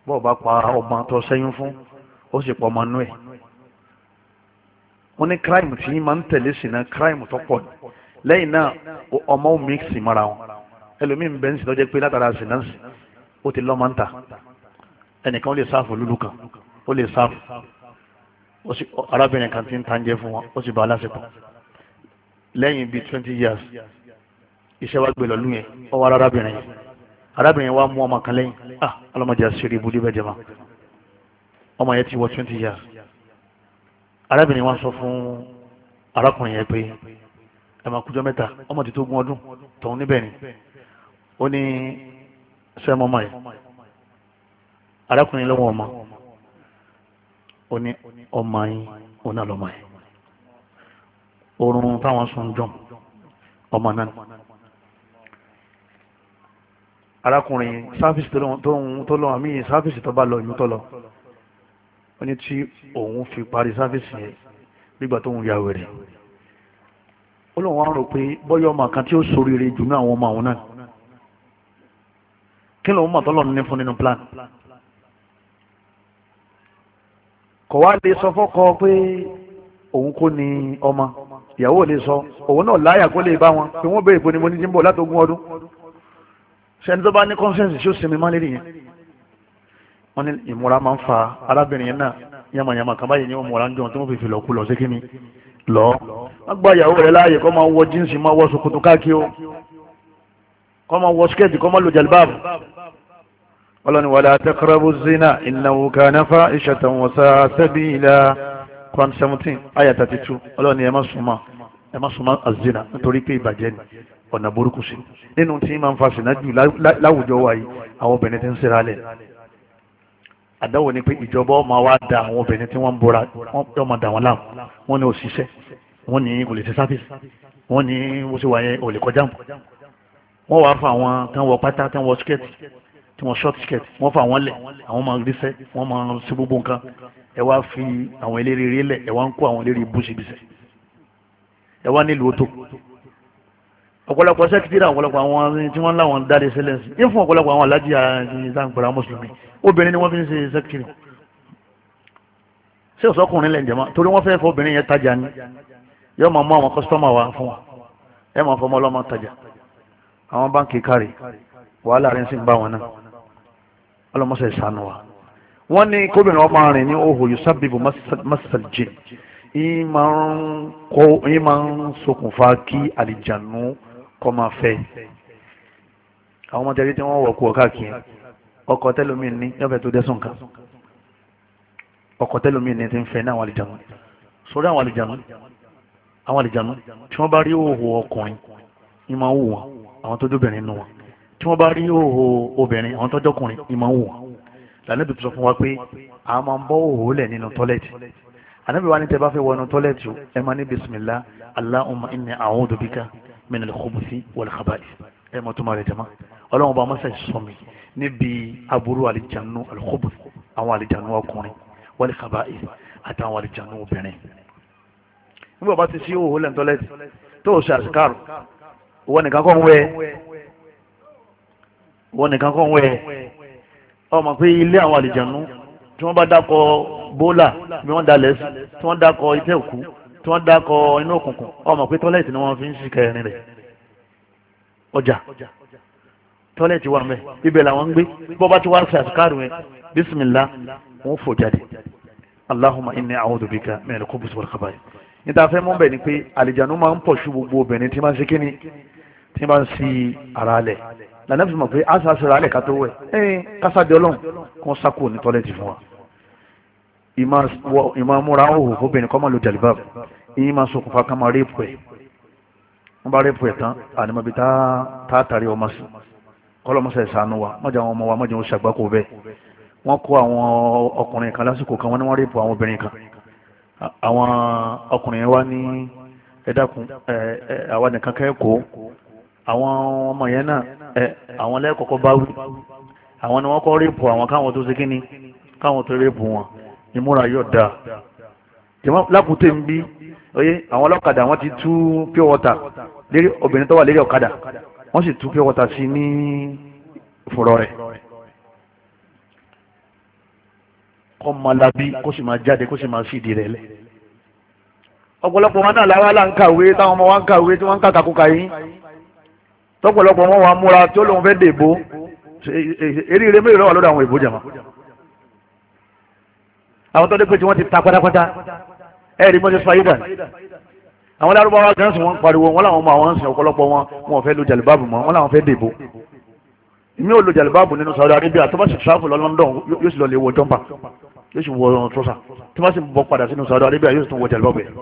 bọ́ọ̀ bá pa ọmọ tó sẹ́yìn fún ó sì pọ̀ ọmọ nú ẹ̀ wọ́n ní crime tí yín máa ń tẹ̀lé sí náà crime tó pọ̀ lẹ́yìn náà ọmọ ò mix mara wọn ẹlòmíín bẹ́ẹ̀ ń sìn lọ́jọ́ pé látara sí náà sí ó ti lọ́ máa ń tà ẹnìkan ó lè sáàfù lúlú kan ó lè sáàfù arábìnrin kan ti ń tàn jẹ́ fún wọn ó sì bá aláṣepọ̀ lẹ́yìn bíi twenty years iṣẹ́ wa gbé lọ́lú yẹn ó wá arábìnrin yẹn arábìnrin wa mú ọmọ kan lẹ́yìn ah ọlọ́mọdé àṣírí ibùdó bẹ́ẹ̀ jẹ́ ma ọmọ yẹn ti wọ twenty years arábìnrin wọn sọ fún arákùnrin yẹn pé ẹ máa kújọ mẹ́ta ọmọ tí tó gún ọdún tòun níbẹ̀ ni ó ní sẹ́mọ́ ọmọ yẹn arákùnrin lọ́wọ́ ọmọ ó ní ọmọ yín òun náà lọ́mọ yẹn oorun táwọn sùn jọ ọmọ náà arákùnrin sáfíìsì tó lọ́wọ́ àmì sáfíìsì tó bá lọ ìlú tó lọ ó ní tí òun fi parí sáfíìsì yẹn nígbà tó ń ya wèrè ó lóun wá rò pé bọ́yọ̀ ọmọ kan tí ó soríire jù ní àwọn ọmọ àwọn náà kí lóun mọ̀ tọ́lọ̀ ní fún nínú plan kò wá lè sọ fọ́kọ pé òun kò ní ọmọ ìyàwó lè sọ òun náà láyà kó lè bá wọn pé wọ́n béèrè pé ni mo ní jíǹbọ̀ látogún ọdún ṣẹ́ni tó bá ní conscience ṣó sinmi má lérí yẹn wọ́n ní ìmúra máa ń fa arábìnrin yẹn náà yamayama kan báyìí ni wọ́n múra ń jọ tí wọ́n fi fi lọ́ọ́ kú lọ sí kínní lọ. wọ́n gba ìyàwó rẹ̀ láàyè kó máa wọ jíǹsì máa wọ ṣòkòtò káàkiri o kó máa wọ skẹ́ẹ̀tì kó máa lo jàlbáàbù. ọlọ́ni wala taqrabu zina innahu kana fahishatan wa sa'a sabila Quran seventeen ayat thirty two ọlọ́ni ẹ má súnmọ́ ẹ má súnmọ́ azina nítorí pé ìbàjẹ́ ni ọ̀nà burúkú sí nínú tí máa ń fa sìnájú láwùjọ wa àwọn obìnrin ti ń ṣe rálẹ̀ àdáwò ni pé ìjọba ọmọ wa da àwọn obìnrin tí wọ́n ń bora wọ́n máa da wọn láàmú wọ́n ní òṣìṣẹ́ wọ́n ní kò lè ṣe sáfíìsì wọ́n ní wà yẹn ò lè kọjá wàá fa àwọn tí wọ́n pátá tí wọ́n skẹ́ẹ̀tì tí wọ́n short skirt wọ́n fa àwọn lẹ̀ àwọn máa ríṣẹ́ wọ́n máa ṣe gbogbo nǹkan ẹ wá fi àwọn eléré rí lẹ̀ ẹ wá ń kó àwọn eléré bú síbíṣẹ́ ẹ wá nílùú tó ọ̀pọ̀lọpọ̀ sẹ́kítírà ọ̀pọ̀lọpọ̀ àwọn tí wọ́n láwọn dáre sílẹ̀ obìnrin ni wọ́n fi ń ṣe executive ṣé ọ̀sọ́kùnrin lẹ̀ ń jẹ̀mọ́ torí wọ́n fẹ́ fọ obìnrin yẹn tajà ni yóò máa mú àwọn kọ́sítọ́mà wa fún wa ẹ máa fọmọ ọlọ́mọ tajà àwọn báńkì kárì wàhálà rẹ̀ ń sìn bá wọn náà ọlọ́mọṣẹ́ ìsànù wa wọ́n ní kóbìnrin ọmọ rìn ní òhò yusabibu masajid yìí máa ń ṣokùnfà kí àlìjànú kọ́ máa fẹ́ àwọn ọmọ tẹ̀lé tí wọ́n wọ̀ kú ọ káàkiri ọkọ̀ tẹ́lómi ní yọ́fẹ́ tó dẹ́sùn kan ọkọ̀ tẹ́lómi ní ti ń fẹ́ ní àwọn àlìjàmú sórí àwọn àlìjàmú àwọn àlìjàmú tí wọ́n bá rí òhò ọkùnrin ní máa ń wù wọn àwọn tó dóbìnrin nù wọn tí wọ́n bá rí òhò obìnrin àwọn tọ́jọ́ ní máa ń wù wọn lànàbì tó sọ fún wa pé a máa ń bọ́ òhò lẹ̀ nínú tọ́lẹ̀tì ànàbì wa ní tẹ́ bá fẹ́ wọnú tọ́lẹ̀tì ẹ máa ní bisimilá níbi aburú alìjánu alùkùbù àwọn alìjánu ọkùnrin wọlé kaba ìlú àtàwọn alìjánu obìnrin. nígbà bá ti sí òwò lẹ́ńtọ́lẹ́sì tó o ṣe àṣìkárò ìwọ nìkan kọ́ ń wẹ̀ ìwọ nìkan kọ́ ń wẹ̀ ọmọ pé ilé àwọn alìjánu tí wọ́n bá dákọ̀ bólà bí wọ́n dalẹ̀ sí tí wọ́n dákọ̀ itẹ́ òkú tí wọ́n dákọ̀ inú òkùnkùn ọmọ pé tọ́lẹ̀tì ni wọ́n fi ń ṣìkẹrin rẹ̀ ọjà tọ́lẹ̀tì wà mẹ́ ibẹ̀ làwọn ń gbé bọ́ bá ti wá sí àsìkárù yẹn bísímìlá wọn fò jáde aláhùnmá inni a'udhu bika minal khubuthi wal khaba'ith níta fẹ́ mọ́ bẹ̀ ni pé àlìjánu máa ń pọ̀ sí gbogbo obìnrin tí máa ń ṣe kíni tí máa ń si ara lẹ̀ lànà fi mọ̀ pé a sàṣẹ ara lẹ̀ ká tó wẹ̀ ẹ̀ kásáde ọlọ́run kí wọ́n sákò ní tọ́lẹ̀tì fún wa ìmọ̀ múra ń hòhò obìnrin kọ́ máa lo jalibab ìyín máa sokùnfà kọlọmọsẹ ìsànú wa mọjà àwọn ọmọ wa mọjà wọn ṣàgbákò bẹ́ẹ̀ wọ́n kó àwọn ọkùnrin kan lásìkò kan wọ́n ní wọ́n rí ipò àwọn obìnrin kan àwọn ọkùnrin wa ní ẹ̀dákun ẹ ẹ àwa nìkan kẹ́kọ̀ọ́ àwọn ọmọ yẹn náà ẹ àwọn lẹ́kọ̀ọ́kọ́ bá wí àwọn ni wọ́n kọ́ rí ipò àwọn káwọn tó ṣe kíni káwọn tó rí ipò wọn ìmúra yóò dáa lápútẹ́ ń bí oyé àwọn ọlọ́kadà wọ́n ti tú pure water lérí obìnrin tó wà lérí ọ̀kadà wọ́n sì tún pure water sí ní fúrọ́ rẹ̀ kọ́ máa labí kó sì máa jáde kó sì máa fìdí rẹ̀ lẹ̀ ọ̀pọ̀lọpọ̀ wọn náà lára là ń kàwé táwọn ọmọ wa ń kàwé tí wọ́n ń kàkàkùkà yín tọ́pọ̀lọpọ̀ wọn wà múra tí ó lóun fẹ́ dèbò eré eré mélòó wà lọ́dọ̀ àwọn èbó jẹ̀mọ́ àwọn tó pé tí wọ́n ti ta pátápátá ẹ̀rí mọ́tò fàyídà àwọn lárúbáwá gan sì wọ́n pariwo wọ́n làwọn ọmọ àwọn ń sìn ọ̀pọ̀lọpọ̀ wọn wọn fẹ́ lo jàlùbáàbù mọ́ wọ́n làwọn fẹ́ dèbò mi ò lo jàlùbáàbù nínú Saudi Arabia tó bá sì travel lọ London yóò sì lọ lè wọ jọ́mbà yóò sì wọ trọ́sà tó bá sì bọ́ padà sínú Saudi Arabia yóò sì tún wọ jàlùbáàbù yẹn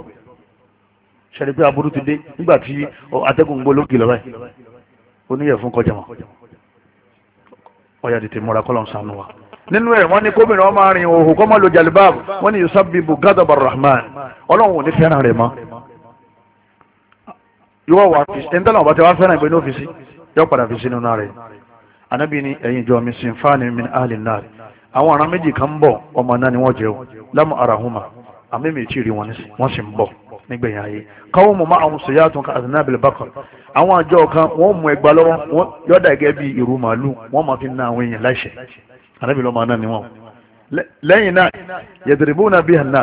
ṣẹlẹ̀ pé aburú ti dé nígbà tí atẹ́gùn ń gbólógì lọ́wọ́ ẹ̀ oníyẹ̀ kọjá wọn ọ̀yà tètè múra kọ́lọ̀ ń sànú wa nínú ẹ̀ wọ́n ní kómìnà ọmọ arìnrìn òhùn kọ́mọ́ lo jàlùbáàbù wọ́n ní yusabibu gádàbà rahman ọlọ́run ò ní fẹ́ràn rẹ̀ mọ́ yóò wà fi ẹni tọ́lọ̀ ọba tí wàá fẹ́ràn ìgbé ní òfìsí yóò padà fi sínú náà ni mi sin min ali nar àwọn ará méjì kan ń ọmọ náà ni wọ́n o arahuma àmì mi wọn sì ń bọ̀ ayé káwọn ká àwọn àjọ kan mú ìrù màálù fi ná àwọn èèyàn láṣẹ lẹ́yìn náà yẹ̀dìrìbù náà bí hànà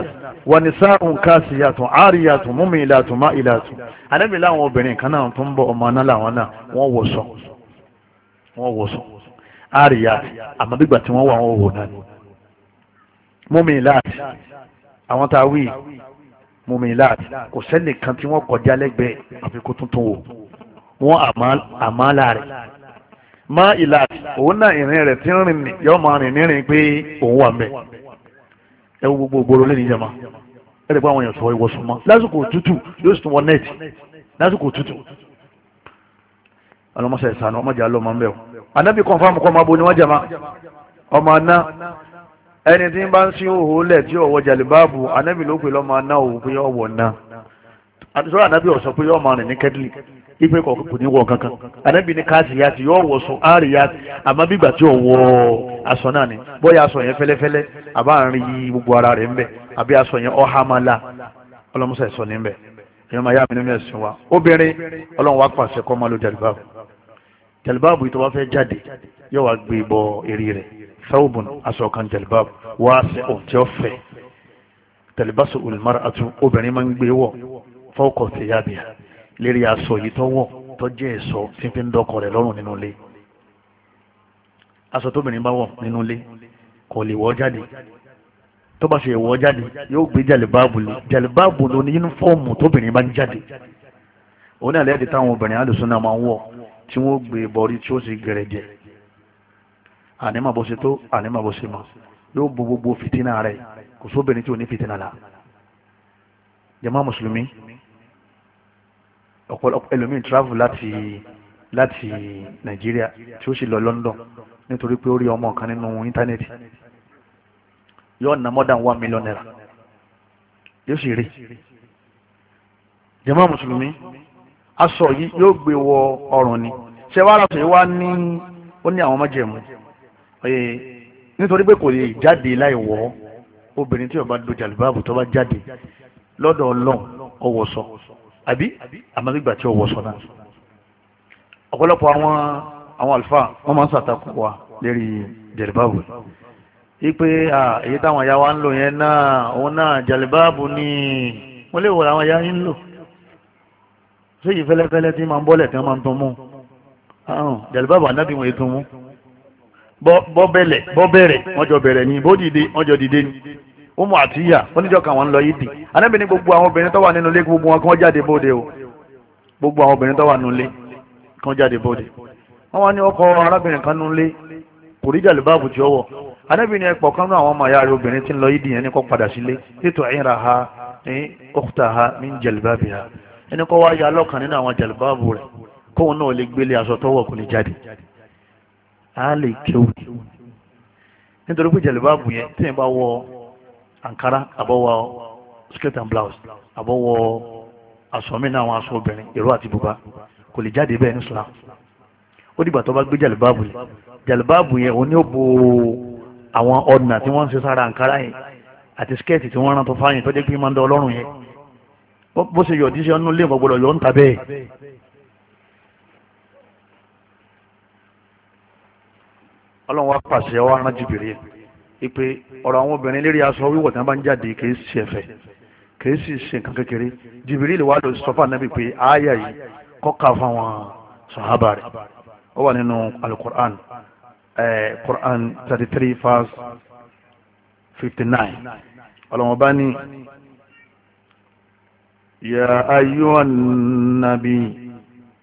wà ní sáàhùn káàsì yàtọ̀ àárí yàtọ̀ múmi ìlàtọ̀ má ìlàtọ̀ anábì láwọn obìnrin kan náà tó ń bọ̀ ọmọ náà làwọn náà wọ́n wọ̀sọ̀ wọ́n àárí yàtọ̀ àmọ́ bígbà tí wọ́n wà wọ́n wò náà múmi ìlàtọ̀ àwọn tá a wí múmi ìlàtọ̀ kò sẹ́nìkan tí wọ́n kọjá lẹ́gbẹ̀ẹ́ àfikún tuntun wò wọ́n àmàlà rẹ̀ má ìlà òun náà ìrìn rẹ̀ tí ń rìn ní yọ́ máa rìn nírìn pé òun wà mẹ́ ẹ wo gbogbo gbòòrò lẹ́nu ìjọba ẹ lè pa àwọn èèyàn sọ ìwọ̀sùn mọ́ lásìkò òtútù yóò sì tún wọ nẹ́ẹ̀tì lásìkò òtútù ọlọmọsẹ ìsànù ọmọdé alọmọ ń bẹ o anabi kọnfàmù kọ ọmọ abo ni wọn jẹma ọmọ aná ẹni tí ń bá ń sin òhò lẹ tí ọwọ jàlibáàbù anabi ló pè lọmọ aná òhò pé ọwọ ná àdúrà anabi ọsọ pé ọmọ rìn ní kẹdìlì ife kọ̀ kò ní wọ kankan anabi ní káàsì ya ti yọ wọ sùn áàrì ya àmọ́ bígbà tí ò wọ aṣọ náà ni bóyá aṣọ yẹn fẹ́lẹ́fẹ́lẹ́ àbá àárín yí gbogbo ara rẹ̀ ń àbí aṣọ yẹn ọ̀hámálà ọlọ́musa ẹ̀sọ́ ní bẹ̀ ẹ̀yọ́ máa yá mi nínú ẹ̀sìn wa obìnrin ọlọ́run wa pàṣẹ kọ́ máa lo jàlùbáàbù jàlùbáàbù yìí tó bá fẹ́ jáde yóò wá gbé bọ eré rẹ̀ sáwùbùn aṣọ kan jàlùbáàbù wá ṣe ohun tí ó fẹ́ àti obìnrin máa ń gbé wọ̀ fọ́ọ̀kọ̀ tẹ̀yàbíà lérí aṣọ yìí tọ́wọ́ tọ́jẹ́ ẹ̀ṣọ́ tí fi ń dọ́kọ rẹ̀ lọ́rùn nínú ilé aṣọ tóbìnrin bá wọ̀ nínú ilé kò lè wọ̀ jáde tó bá ṣe wọ̀ jáde yóò gbé jàlìbáàbù lé jàlìbáàbù ló ní yúnífọ́ọ̀mù tóbìnrin bá ń jáde òun náà lẹ́ẹ̀dí táwọn obìnrin alùsùn náà máa ń wọ̀ tí wọ́n gbé bọ̀rí tí ó sì gẹ̀rẹ̀jẹ̀ ànímọ̀ bó ṣe tó ànímọ̀ bó ṣe mọ̀ yóò bo gbogbo fìtínà rẹ̀ kò sóbìnrin tí ò ní fìtínà la jàmá mùsùlùmí ọ̀pọ̀lọpọ̀ ẹlòmíì travel láti láti nàìjíríà tí ó sì lọ London nítorí pé ó rí ọmọ kan nínú íńtánẹ́ẹ̀tì yóò ná more than one million naira yóò sì rí jàmá mùsùlùmí aṣọ yìí yóò gbé wọ ọrùn ni ṣé wàá aṣọ yìí wá ní ó ní àwọn májẹ̀mú nítorí pé kò lè jáde láì wọ̀ ọ́ obìnrin tí ó bá do jàlùbáàbù tó bá jáde lọ́dọ̀ ọlọ́run ọwọ́ sọ àbí àmàlígbà tí ó wọṣọ náà ọ̀pọ̀lọpọ̀ àwọn àwọn àlùfáà wọ́n máa ń ṣàtakò wa lérí jẹ̀lìbáàbù wípé èyí táwọn ìyá wa ń lò yẹn náà òun náà jẹ̀lìbáàbù ni wọ́n lè wò láwọn ìyá yín lò ṣé yìí fẹ́lẹ́fẹ́lẹ́ tí máa ń bọ́lẹ̀ tí wọ́n máa ń tún mú jẹ̀lìbáàbù ànábì wọn ètò mú bọ́ bẹ̀rẹ̀ wọ́n jọ bẹ̀rẹ̀ ni bó dìde wọ́n jọ dìde ni umu àtìyà oníjọ́ kan wọ́n ń lọ yìí dì anábì ní gbogbo àwọn obìnrin tó wà nínú ilé gbogbo wọn kan jáde bóde o gbogbo àwọn obìnrin tó wà nínú ilé kan jáde bóde wọ́n wá ní ọkọ arábìnrin kan nínú ilé kò rí jàlè báàbù tí ó wọ̀ kan náà àwọn ọmọ àyà rẹ̀ obìnrin tí ń lọ yìí dì yẹn ní kó padà sílé ètò ìrà ha ní ọkùtà ha ní jàlìbáàbì ha ẹni kó wá ya lọ́kàn nínú àwọn jàlìbáàbù rẹ̀ kóun náà lè gbélé aṣọ tó wọ̀ kò lè jáde á lè kéwù nítorí pé jàlìbáàbù yẹn tí yẹn bá wọ àǹkárá àbọ̀wọ̀ skirt and blouse àbọ̀wọ̀ aṣọ mìíràn àwọn aṣọ obìnrin ìró àti bùbá kò lè jáde bẹ́ẹ̀ ní Islam ó dìgbà tó bá gbé jàlùbáàbù yìí jàlùbáàbù yẹn òun ni ó bo àwọn ọ̀nà tí wọ́n ń ṣe sára àǹkárá yẹn àti skẹ́ẹ̀tì tí wọ́n rán tó fáyìn tó jẹ́ pé máa ń dán ọlọ́run yẹn bó ṣe yọ̀ díṣẹ́ ọ̀nà léèmọ̀ gbọ́dọ̀ yọ̀ ń ta bẹ́ẹ̀. ọlọ́run wá pàṣẹ wá rán jìbìrì yẹn ipe ọ̀rọ̀ àwọn obìnrin lérí aṣọ wíwọ̀ tí wọ́n bá ń jáde kì í ṣe ẹ̀fẹ̀ kì í sì ṣe nǹkan kékeré Jibril wà lọ sọ fún anabi pé àáyà yìí kọ́ka fáwọn sàhábà rẹ̀ ó wà nínú alukur'an Quran thirty three verse fifty nine ọlọ́mọba ní ya ayyuhan nabi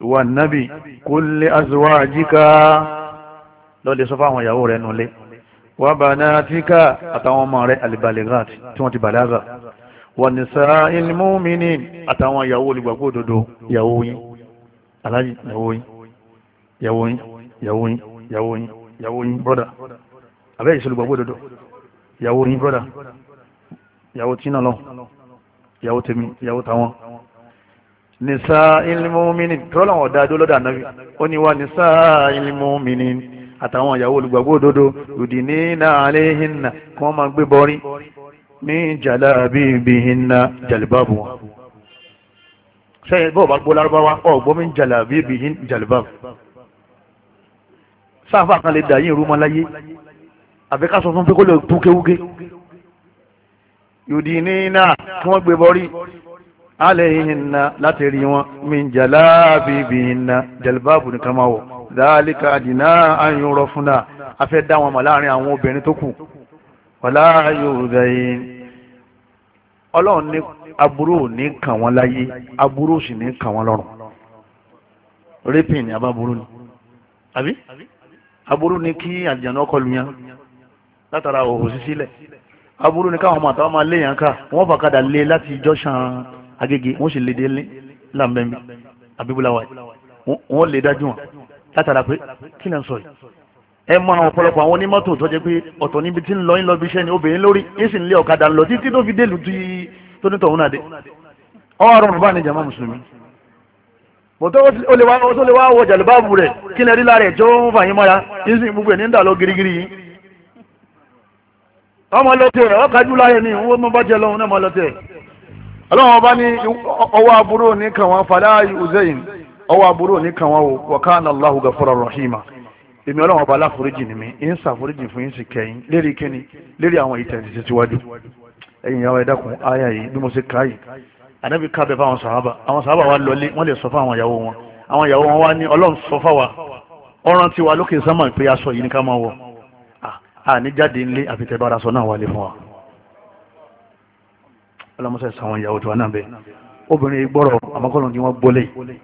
wa nabi kulle azwajika lọ́ọ́ lè sọ fún àwọn ìyàwó rẹ̀ nulẹ̀ wa banatika àtàwọn ọmọ rẹ̀ alibaligat tí wọ́n ti balaga wa nisa'il mu'minin àtàwọn ìyàwó olùgbàgbọ́ òdodo ìyàwó yín aláàjì ìyàwó yín ìyàwó yín ìyàwó yín ìyàwó yín ìyàwó yín brọ́dà abẹ́ ìṣẹ́ olùgbàgbọ́ òdodo ìyàwó yín brọ́dà ìyàwó tí náà lọ ìyàwó tèmi ìyàwó táwọn nisa'il mu'minin tọ́lọ́wọ̀n dáadó lọ́dà náà ó ní wa nisa'il mu'minin àtàwọn ìyàwó olùgbàgbọ́ òdodo yùdìní náà aléhìnnà kí wọ́n máa gbé bọ́rí ní jàlá àbí ibi hinna jàlìbáàbù wọn sẹ́yìn bọ́ọ̀ bá gbọ́ lárúbáwá ọ̀gbọ́n mi jàlá àbí ibi hin jàlìbáàbù sáfà kan lè dà yín ìrú mọ́láyé àfi ká sọ fún pé kó lè tún kéwúgé yùdìní náà kí wọ́n gbé bọ́rí alẹ́ hinna láti rí wọn mi jàlá àbí ibi hinna jàlìbáàbù nìkan máa wọ̀ dáálíkà àdìná àyùn rọ fún náà a fẹ́ dá wọn mọ̀ láàrin àwọn obìnrin tó kù ọ̀lá yorùbá yìí ọlọ́run ní aburú ò ní kàn wọ́n láyé aburú ò sì ní kàn wọ́n lọ́rùn rẹ́pìn ní abáburú ni àbí aburú ni kí àdìjànà ọkọlù yẹn látara òhò sí sílẹ̀ aburú ni káwọn ọmọ àtàwọn máa léèyàn ká wọ́n fàkadà lé e láti jọ́sàn agége wọ́n sì lè e dé làǹbẹ̀mí àbíbúláwà wọ́n lè e dájú wọn látara pé kí náà sọ yìí ẹ mọ àwọn ọ̀pọ̀lọpọ̀ àwọn onímọ́tò tó jẹ́ pé ọ̀tọ̀ níbi tí ń lọ ń lọ bí iṣẹ́ ni obìnrin lórí ń sì ń lé ọ̀kadà lọ títí tó fi délùú tí tó ní tọ̀hún náà ọ̀rọ̀ bàbá ni jàmá mùsùlùmí bọ̀tọ́ ó lè wá ó lè wá wọ jàlùbáàbù rẹ̀ kí lè rí lára ẹ̀ tó ń fà mọ́ra ń sì gbogbo ẹ̀ ń dà lọ girigiri yìí ọmọ lọ́tẹ̀ rẹ̀ ọ̀kájú láyé ni ìwọ́n mọ́ bá jẹ́ náà mọ́ lọ́tẹ̀ ọlọ́run ọba ní ọwọ́ aburú ní kàwọn fàlàyé uzeyin ọwọ́ aburú òní kan wọn o wa kana Allahu gafura rahima èmi ọlọ́run ọba aláforíjì ni mi ń ṣàforíjì fún yín sì kẹ́yìn lérí kíni lérí àwọn ìtẹ̀sí síwájú ẹ̀yìn ìyàwó ẹ dákun áyà yìí bí mo ṣe kà yìí ànábì kábẹ́ fáwọn sàhábà àwọn sàhábà wa lọlé wọ́n lè sọ fún àwọn ìyàwó wọn àwọn ìyàwó wọn wá ní ọlọ́run sọ fáwa ọ̀ràn tiwa lókè sámà pé aṣọ yìí ní ká máa wọ̀ àní jáde ńlé àfitẹ́bára sọ náà wálé fún wa ọlọ́mọṣẹ́ sàwọn ìyàwó tiwa náà bẹ́ẹ̀ obìnrin gbọ́rọ̀ àmọ́kọ́lọ́ ni wọ́n gbọ́lẹ̀ yìí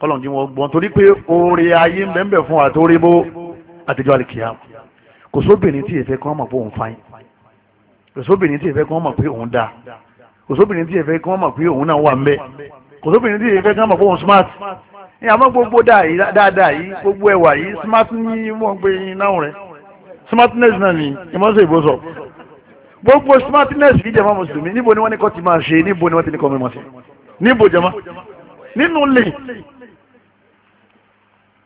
kọ́lọ̀n jí wọ́n gbọ́n torí pé oore ayé ń bẹ́ẹ̀ fún wa torí bó àtijọ́ àlìkìyà kò sóbìnrin tí èfẹ́ kan mọ̀ pé òun fain kò sóbìnrin tí èfẹ́ kan mọ̀ pé òun da kò sóbìnrin tí èfẹ́ kan mọ̀ pé òun náà wà ń kò sóbìnrin tí èfẹ́ kan mọ̀ pé òun smart ní àmọ́ gbogbo dáadáa yìí gbogbo ẹwà yìí smart ní wọ́n gbé náà rẹ̀ smartness náà ni ìmọ̀ọ́sẹ̀ ìbọ̀sọ̀ gbogbo smartness yìí jẹ́mọ́ mùsùlùmí níbo ni wọ́n ní kọ́ ti máa ṣe níbo ni wọ́n ti ní kọ́ mímọ́ sí níbo jẹ́mọ́ nínú lè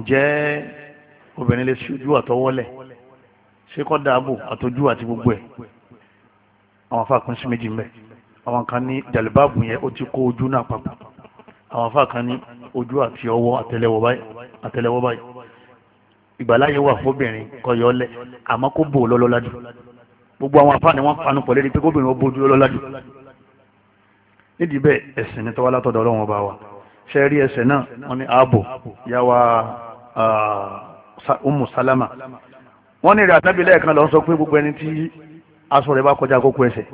ǹjẹ́ obìnrin lè ṣojú àtọwọ́lẹ̀ ṣé kọ́ dáàbò àtọjú àti gbogbo ẹ̀ àwọn afá kan sí méjì ń bẹ àwọn kan ní jàlùbáàbù yẹn ó ti kó ojú náà papọ̀ àwọn afá kan ní ojú àti ọwọ́ àtẹlẹwọ́ báyìí ìgbàláyé wà fóbìnrin kọyọ ọlẹ àmọ́ kó bò lọ́lọ́ládù gbogbo àwọn afá ni wọ́n panu pọ̀ lérí pé kóbìnrin ó bójú lọ́lọ́ládù nídìí bẹ́ẹ̀ ẹ̀sìn ni tọ́wálátọ̀dọ̀ ọlọ́run ọba wa sẹ́rí ẹsẹ̀ náà wọ́n ní ààbò yàwá umu salama wọ́n ní rẹ̀ lẹ́ẹ̀kan lọ sọ pé gbogbo ẹni tí aṣọ rẹ̀ bá kọjá kókó ẹsẹ̀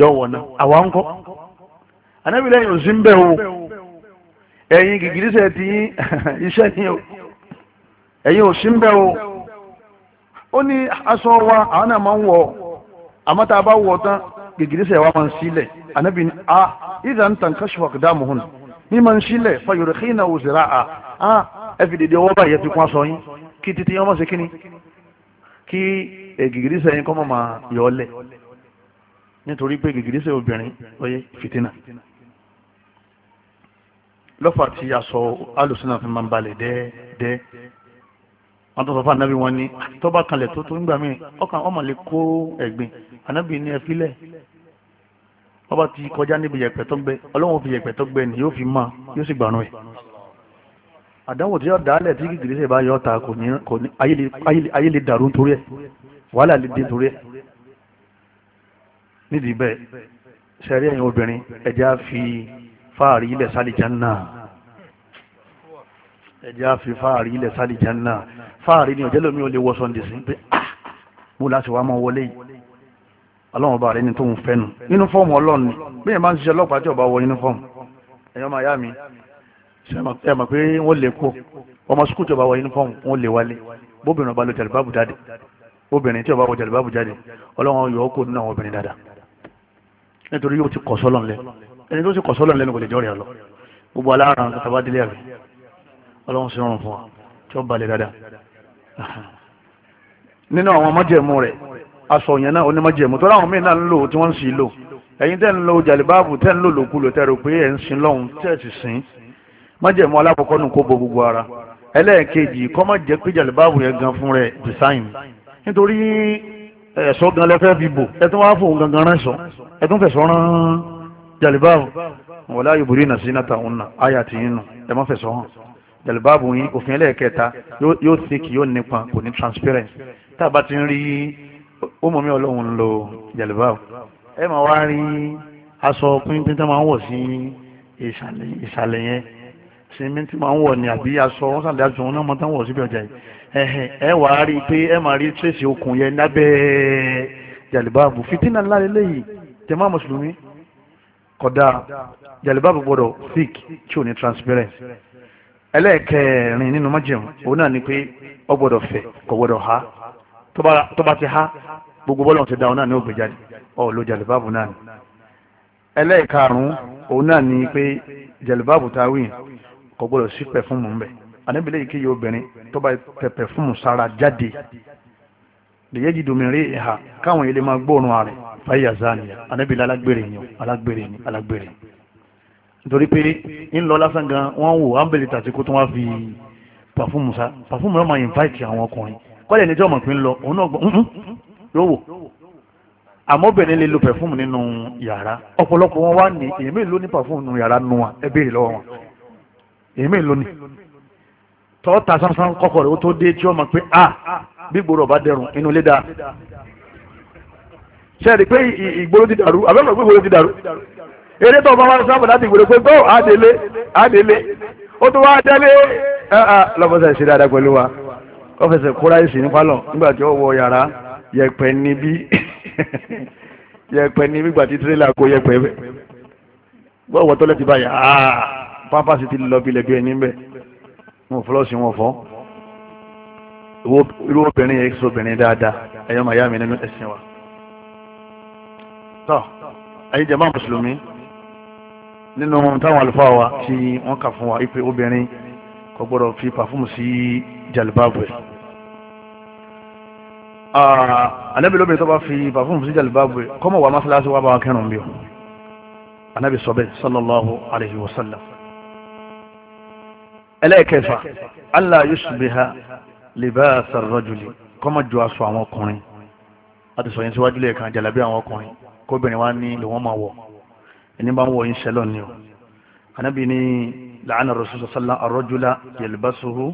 yọ wọ̀ náà àwa ń kọ́ ànábì lẹ́yìn ò ń bẹ̀ o ẹ̀yin tí (laughs) iṣẹ́ ni o ẹ̀yin ń bẹ̀ wa àwọn náà máa ń wọ̀ àmọ́ tá a bá wọ̀ tán gìgìrísẹ̀ wa máa ń sílẹ̀ ànábì ní a ìdá ń tàn dáàmú hùn bí ma ń sílẹ̀ fayọ̀rẹ̀ kí iná òsèrà à á ẹfi dèdè ọwọ́ báyìí ti kún aṣọ yín kí títí ọmọ sí kíní kí gègìrì sẹ́yìn kọ́ mọ̀ máa yọ ọ́ lẹ̀ nítorí pé gègìrì sẹ́yìn obìnrin lọ́yẹ fìtínà lọ́fà tí aṣọ alùsùnà fi máa ń balẹ̀ dẹ́ẹ́dẹ́ wọ́n tó sọ fún anábì wọn ni tọ́ba kanlẹ̀ tó tó ń gbà mí ọkàn ọmọ lè kó ẹ̀gbìn anábì ní ẹfílẹ̀ wọ́n bá ti kọjá níbi yẹ̀pẹ̀ tó gbẹ ọlọ́run fi yẹ̀pẹ̀ tó gbẹ ni yóò fi mọ́ yóò sì gbànú ẹ̀ àdánwò tí yóò dálẹ̀ tí kìkìrì sì bá yọ̀ọ́ ta kò ní ayé lè dàrú nítorí ẹ̀ wàhálà lè dé nítorí ẹ̀ nídìí bẹ́ẹ̀ sẹ́rí ẹ̀yin obìnrin ẹ̀já fi fáàrí ilẹ̀ sálìjánná ẹ̀já fi fáàrí ilẹ̀ sálìjánná fáàrí ni ọ̀jẹ́lómi ò lè wọ́ sọ́ndẹ̀sí pé ah, mo láti wá mọ́ wọlé yìí ọlọ́run ọba rẹ̀ ní tó ń fẹ́nu yúnífọ́ọ̀mù ọlọ́run ni bí yẹn bá ń ṣiṣẹ́ ọlọ́pàá tí ọba wọ yúnífọ́ọ̀mù ẹ̀yọ́ máa yá mi ẹ mọ̀ pé wọ́n lè kó ọmọ sukùl tí ọba wọ yúnífọ́ọ̀mù wọ́n lè wálé bóbìnrin ọba lọ jàlùbáàbù jáde obìnrin tí ọba wọ jàlùbáàbù jáde ọlọ́run yọ ọkọ nínú àwọn obìnrin dáadáa nítorí yóò ti kọ̀ sọ́lọ̀ ńlẹ̀ ẹni nínú àwọn májẹ̀mú rẹ̀ aṣọ yẹn náà onímọ̀jẹ̀mú tó láwọn míì náà ń lò tí wọ́n ń sì lò ẹ̀yin tẹ́ ń lo jàlíbáàbù tẹ́ ń lò lòkulò tẹ́ rò pé ẹ̀ ń sin lọ́hùn tẹ́ sì sìn mọ̀jẹ̀mú alákọ̀ọ́kọ́ nù kó bo gbogbo ara ẹlẹ́ẹ̀kejì kọ́ má jẹ́ pé jàlíbáàbù yẹn gan fún rẹ̀ design nítorí ẹ̀ṣọ́ gan lẹ́fẹ́ fi bò ẹ tún wá fóun gangan ránṣọ ẹ tún fẹ̀sọ́ rán jàlíbáàbù wala yubdina zinatahunna àyà tí yín nù ẹ má fẹ̀sọ́ hàn jàlíbáàbù yín òfin ẹlẹ́ẹ̀kẹta yóò thick yóò nípa kò ní transparent tá a bá ti ń rí ó mọ̀ mí ọlọ́run ń lo jàlùbá ẹ máa wá rí aṣọ pínpín tó máa ń wọ̀ sí ìsàlẹ̀ yẹn sinmi tí máa ń wọ̀ ní àbí aṣọ wọn sàlẹ̀ aṣọ wọn náà máa tán wọ̀ síbi ọjà yìí ẹ̀hìn ẹ wà á rí i pé ẹ máa rí tírèsì okùn yẹn lábẹ́ jàlùbáàbù fìtínà ńlá lélẹ́yìí jàmáà mùsùlùmí kódà jàlùbáàbù gbọ́dọ̀ thick tí ò ní transparent ẹlẹ́ẹ̀kẹrin nínú májèmú òun náà ni pé ó gbọ́dọ̀ fẹ̀ kò ha tó bá ti há gbogbo bọ́lọ̀ ti dáhùn náà ní ògbé jáde ọ ló náà ni ẹlẹ́ẹ̀karùn-ún òun náà ni pé jàlùbáàbù tá a wí kò gbọdọ̀ sí pẹ̀fúmù ń bẹ̀ ànábìlẹ̀ yìí kéye obìnrin tó bá tẹ pẹ̀fúmù sára jáde lèyẹ́ jì dùmírí ìhà káwọn ilé máa gbóòórùn ààrẹ fàyà zaniya ànábìlẹ̀ alágbèrè yẹn alágbèrè ni alágbèrè nítorí pé ń lọ lásán gan wọ́n wò ámbẹ̀lẹ̀ tàti tó wá fi pàfúmù sá pàfúmù náà máa invite àwọn ọkùnrin kọ́lẹ̀ ní jọ́mọ̀ pín lọ òun náà gbọ́n yóò wò àmọ́ obìnrin lè lo pẹ̀fúmù nínú yàrá ọ̀pọ̀lọpọ̀ wọn wá ní èmi ló ní pẹ̀fúmù nínú yàrá nu wa ẹ béèrè lọ́wọ́ wọn èmi ló ní tọ́ ta sánsán kọ́kọ́ rẹ̀ ó tó dé tí ó mọ̀ pé a bí gbòòrò ọba dẹrùn inú ilé dáa ṣe é pé ìgboro ti dàrú àbẹ́mọ̀ pé ìgboro ti dàrú eré tó bá wá sábà láti ìgboro pé gbọ́ wa kọfẹsẹ̀ kó ráìsì ní pálọ̀ nígbà tí ó wọ yàrá yẹpẹ níbí yẹpẹ níbí gbà tí tírélà kó yẹpẹ bẹ gbọ́wọ́ tọ́lẹ̀ ti báyà áá pápásì ti lọ bilẹ̀ bí ẹni bẹ́ẹ̀ wọn fọlọ́ọ̀sì wọn fọ́ irú obìnrin yẹn sọ obìnrin dáadáa ẹ̀yọ́ màá yá mi nínú ẹ̀sìn wa tọ́ ayé jẹ́ máa mùsùlùmí nínú táwọn àlùfáà wa tí wọ́n kà fún wa ipe obìnrin kò gbọ́dọ̀ fi pàfúmù sí jalibabu ẹ̀ anabi ah, lóbìnrin tó bá fi pàfún sí jalibabu ẹ̀ kọ́mọ̀ wà mọ́sálásí wà bá wa kẹrùn bí o anabi sọ bẹ́ẹ̀ sallallahu alayhi wa sallam ẹlẹ́ẹ̀kẹfà allah yusubiha libaasa rajuli kọ́mọ̀ jọ aṣọ àwọn ọkùnrin láti sọ yẹn síwájú lẹ́ẹ̀kan jalabi àwọn ọkùnrin kóbìnrin wa ní lòun máa wọ̀ ẹni bá ń wọ̀ yín sẹ́lọ̀ ni o anabi ní la'ana rasul sallallahu arrajula yalbasuhu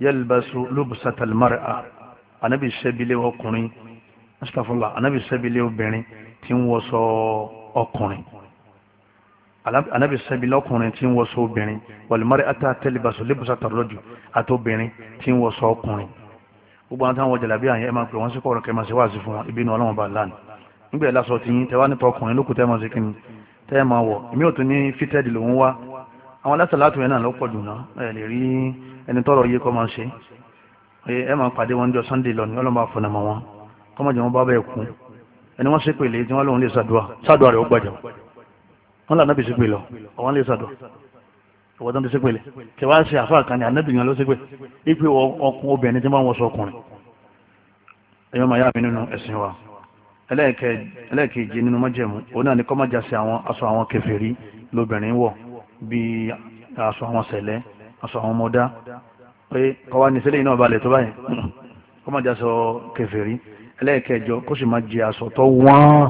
yalbasu lubsatal mar'a anabi sẹ́bílẹ̀ ọkùnrin astafurla anabi sẹ́bílẹ̀ obìnrin tí ń wọṣọ ọkùnrin anabi sẹ́bílẹ̀ ọkùnrin tí ń wọṣọ obìnrin wal mar'ata talbasu lubsatal rajul àti obìnrin tí ń wọṣọ ọkùnrin gbogbo àwọn táwọn jàlábí àyẹ̀ ẹ̀ máa pè wọ́n sí kọ̀ọ̀rọ̀ kẹ́ máa ṣe wáàsí fún wọn ìbínú ọlọ́run bá lánàá nígbà ẹ̀ lásọ tí yín tẹ́ wá nípa ọkùnrin lókùn tẹ́ máa ṣe kí ni tẹ́ máa wọ̀ èmi ò tún ní fitted lòún wá àwọn alásàlátù yẹn náà lọ́pọ̀ jù náà ẹ̀ lè rí ẹni tọrọ yìí kọ́ máa ṣe ẹ máa pàdé wọn jọ sunday lọ ní ọlọ́mọ àfọ̀nàmọ́ wọn kọ́mọ̀jẹ̀ wọn bá bẹ́ẹ̀ kú ẹni wọ́n ṣépè lé tí wọ́n lóun lè ṣàdúrà ṣàdúrà rẹ̀ ó gbàjọ́ wọn là nábì ṣépè lọ àwọn lè ṣàdúrà ìwọ́n tó ń ṣépè lé kí wàá ṣe àfáà kan ní anábì yẹn ló ṣépè ipe ọkùn obìnrin tí wọ́n wọ́n sọ ọkùnrin máa yá mi nínú ẹ̀sìn wa ẹlẹ́ẹ̀kejì nínú aṣọ àwọn ọmọdá pé kọ́wá ní sílẹ̀ iná balẹ̀ tó báyìí (clears throat) kọ́ máa jẹ́ aṣọ kèfèrí ẹlẹ́ẹ̀kẹjọ kó sì máa jẹ aṣọ tó wọ́n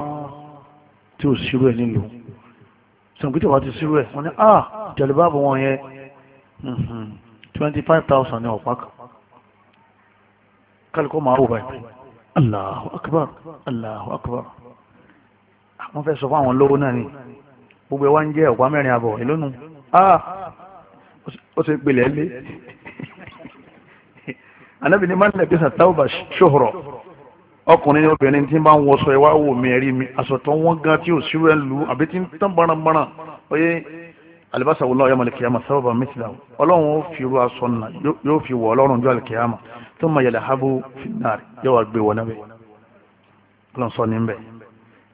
tí ò sírú ẹ̀ nílùú sọ̀nkú tí wọ́n ti sírú ẹ̀ wọ́n ní ah jẹ̀lúbáàbù wọn yẹn mhm. twenty five thousand ní ọ̀pá kan kálukọ́ máa wò báyìí Allahu akbar Allahu akbar àwọn fẹ́ sọ fún àwọn lówó náà ni gbogbo ẹ̀ wá ń jẹ́ ọ̀pá mẹ́rin àbọ̀ ìlónú ah ó ti gbilẹ̀ lé anabi ni máa ń lẹ̀kí sàn táwọn bá ṣòhòrò ọkùnrin ni obìnrin tí ń bá ń wọṣọ ẹ wá wò mí ẹrí mi aṣọ tó wọ́n gan tí ò sírú ẹ lù àbí tí ń tán baranbaran oyè alibasa wòlò ọyọ malikiyama sábàbà mísìlá Ọlọ́run ó fi irú aṣọ nà yóò fi wọ Ọlọ́run jọ alikiyama tó ma yẹlẹ habu finnaari yóò wá gbé wọnà bẹ Ọlọ́run sọ ní bẹ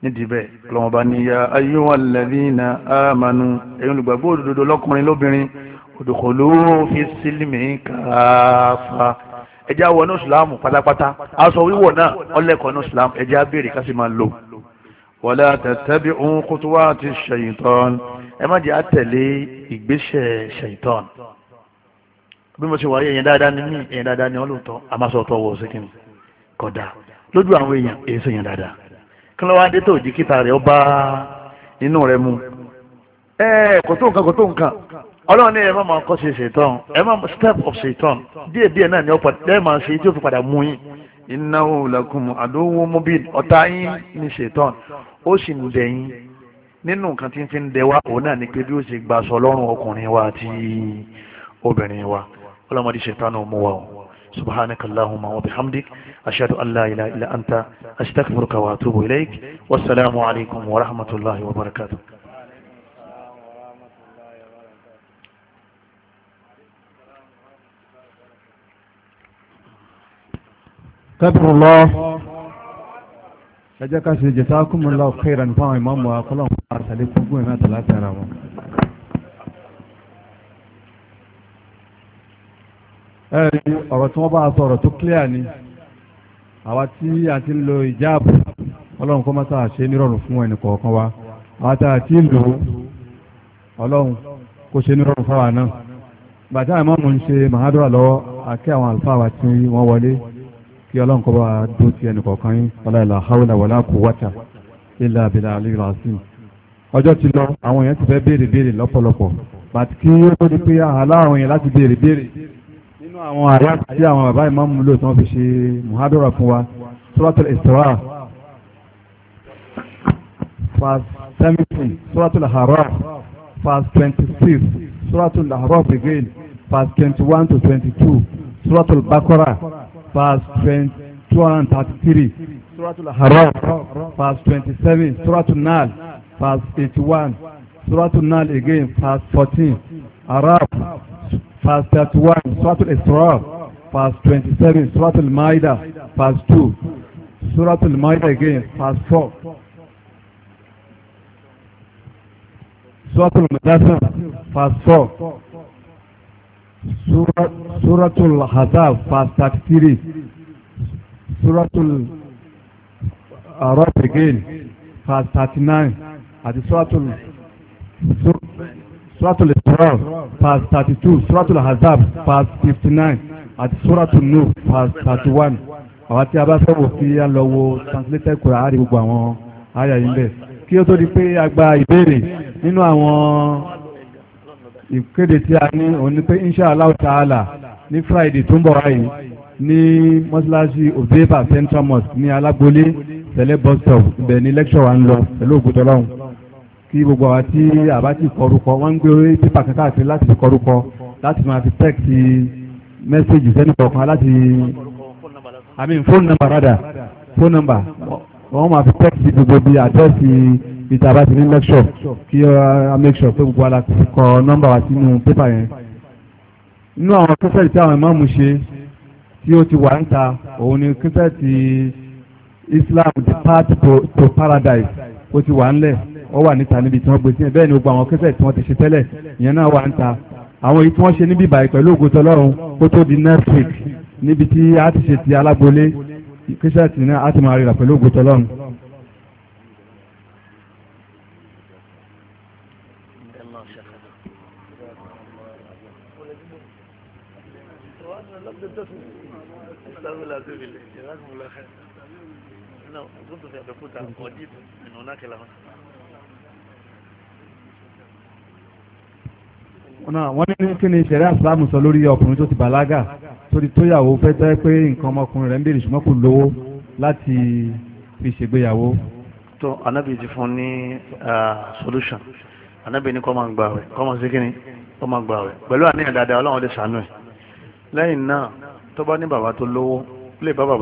nídìí bẹ Ọlọ́run bá ní ya ayyuhal ladhina amanu ẹ̀yin olùgbàgbọ́ òdodo lọ́kùnrin lóbìnrin òdòkòló fi sílímì káfà ẹjẹ́ àwọn ní ìsìlámù pátápátá aṣọ wíwọ̀ náà ọlẹ́kọ̀ọ́ ní ìsìlámù ẹjẹ́ abéèrè ká sì máa lò wala tattabi'u khutuwati shaytan ẹ má jẹ́ àtẹ̀lé ìgbésẹ̀ shaytan bí mo ṣe wáyé èèyàn dáadáa ni mí èèyàn dáadáa ni ọlọ́tọ̀ àmásọ̀tọ̀ wọ̀ sí kìnnì kódà lójú àwọn èèyàn èyí sì dáadáa kí ló wá dé tó jí kíta rẹ̀ ọba inú rẹ̀ mu ẹ kò nǹkan kò nǹkan ọlọ́run ní ẹ má máa kọ́ sí ṣètọ́n ẹ step of ṣètọ́n díẹ̀ díẹ̀ náà ni ọ padà ẹ máa ṣe tí ó fi padà mú yín. innahu lakum aduwwun mubin ọ̀tá yín ní ṣètọ́n ó sì ń dẹ yín nínú nǹkan tí ń fi ń dẹ wá òun náà ni pé bí ó ṣe gba aṣọ lọ́rùn ọkùnrin wa àti obìnrin wa ọlọ́mọdé ṣètọ́n ò mú wa o سبحانك اللهم وبحمدك أشهد أن لا إله إلا أنت أستغفرك وأتوب إليك والسلام عليكم ورحمة الله وبركاته Tẹ́bùrùlọ́ ẹjẹ́ ká ṣe jẹta kúmùlá khairan fáwọn ìmọ̀mù akọ́lọ́wọ́n àtàlẹ́ gbogbo ìrìn àtàlá tẹ́ra wọn. Ẹ̀rí ọ̀rọ̀ tí wọ́n bá sọ ọ̀rọ̀ tó clear ni àwa tí a ti ń lo ìjáàbù ọlọ́run kó má sáà ṣe nírọ̀rùn fún ẹnì kọ̀ọ̀kan wa àwa tá ti ń lò ó ọlọ́run kó ṣe nírọ̀rùn fáwa náà gbàtà ìmọ̀mù ń ṣe màhádùrà lọ́wọ́ àkẹ́ àwọn àlùfáà wa tí wọ́n wọlé kí ọlọ́run kọ́ bá dó ti ẹnì kọ̀ọ̀kan yín ọláìlà haúlà wàlá kò wáta ilà abìlà àlejò àṣìm ọjọ́ ti lọ àwọn èèyàn ti fẹ́ béèrè béèrè lọ́pọ̀lọpọ̀ bàtí kí ó tó di pé àhálà àwọn èèyàn láti béèrè béèrè nínú àwọn àyà tí àwọn bàbá ìmáàmù lò tí wọ́n fi ṣe muhadara fún wa suratul isra fast seventeen suratul haram fast twenty six suratul haram again fast bakora verse twenty two hundred and thirty-three suratul haram verse twenty-seven suratul nal verse eighty-one suratul nal again verse fourteen araf verse thirty-one suratul isra verse twenty-seven suratul Ma'idah. verse two suratul Ma'idah again verse four. Suratul Mudassir, verse 4 suratul hazaf verse thirty three suratul arab again verse thirty nine àti suratul suratul isra verse thirty two suratul hazaf verse fifty nine àti suratul nur verse thirty one àwọn tí a bá sọ̀rọ̀ kí a lọ wo translated Quran àárí gbogbo àwọn àyà yìí ń bẹ̀ kí ó tó di pé a gba ìbéèrè nínú àwọn ìkéde tí a ní òun ni pé insha Allah ta'ala ní friday tó ń bọ̀ wáyé ní mọ́ṣáláṣí obeba central mosque ní alágbólé tẹ̀lé bus stop ibẹ̀ ní lecture wa ń lọ pẹ̀lú ògùdọ̀ lọ́hùn kí gbogbo àwa tí àbá ti kọrúkọ wọ́n ń gbé pépà kankan àti láti fi kọrúkọ láti máa fi text message sẹ́ni kọ̀ọ̀kan láti i mean phone number rather phone number wọ́n máa fi text gbogbo bíi àdírẹ́sì bí tá a bá ti ní make sure kí a make sure pé gbogbo ala kọ nọ́mbà wa sínú pépà yẹn inú àwọn kẹsẹ̀tì tí àwọn ìmáàmù ṣe tí ó ti wà ń ta òun ni kẹsẹ̀tì Islam the path to, to paradise ó ti wà ńlẹ̀ ó wà níta níbi tí wọ́n gbé sílẹ̀ bẹ́ẹ̀ ni gbogbo àwọn kẹsẹ̀tì tí wọ́n ti ṣe tẹ́lẹ̀ ìyẹn náà wà ń ta àwọn èyí tí wọ́n ṣe níbí ìbàyẹ̀ pẹ̀lú ògo tọlọ́run kó tó di next week níbi tí a ti ṣe ti alágbolé kẹsẹ̀tì náà a ti máa rira pẹ̀lú ògo tọlọ́run. هناك قريب من هناك إلى هناك wọ́n ní kí ni ìṣẹ̀rí àsìlámù sọ lórí ọkùnrin tó ti bàlágà torí tóyàwó fẹ́ tẹ́ pé nǹkan ọmọkùnrin rẹ̀ ń béèrè ṣùgbọ́n kò lówó láti fi ṣègbéyàwó. tó anábì ti fún ní solution anábì ní kó máa gbà wẹ̀ kó máa ṣe kí ni kó máa gbà wẹ̀ pẹ̀lú àníyàn dáadáa ọlọ́run lè ṣàánú ẹ̀ lẹ́yìn náà tó bá ní bàbá tó lówó lè bá bàbá.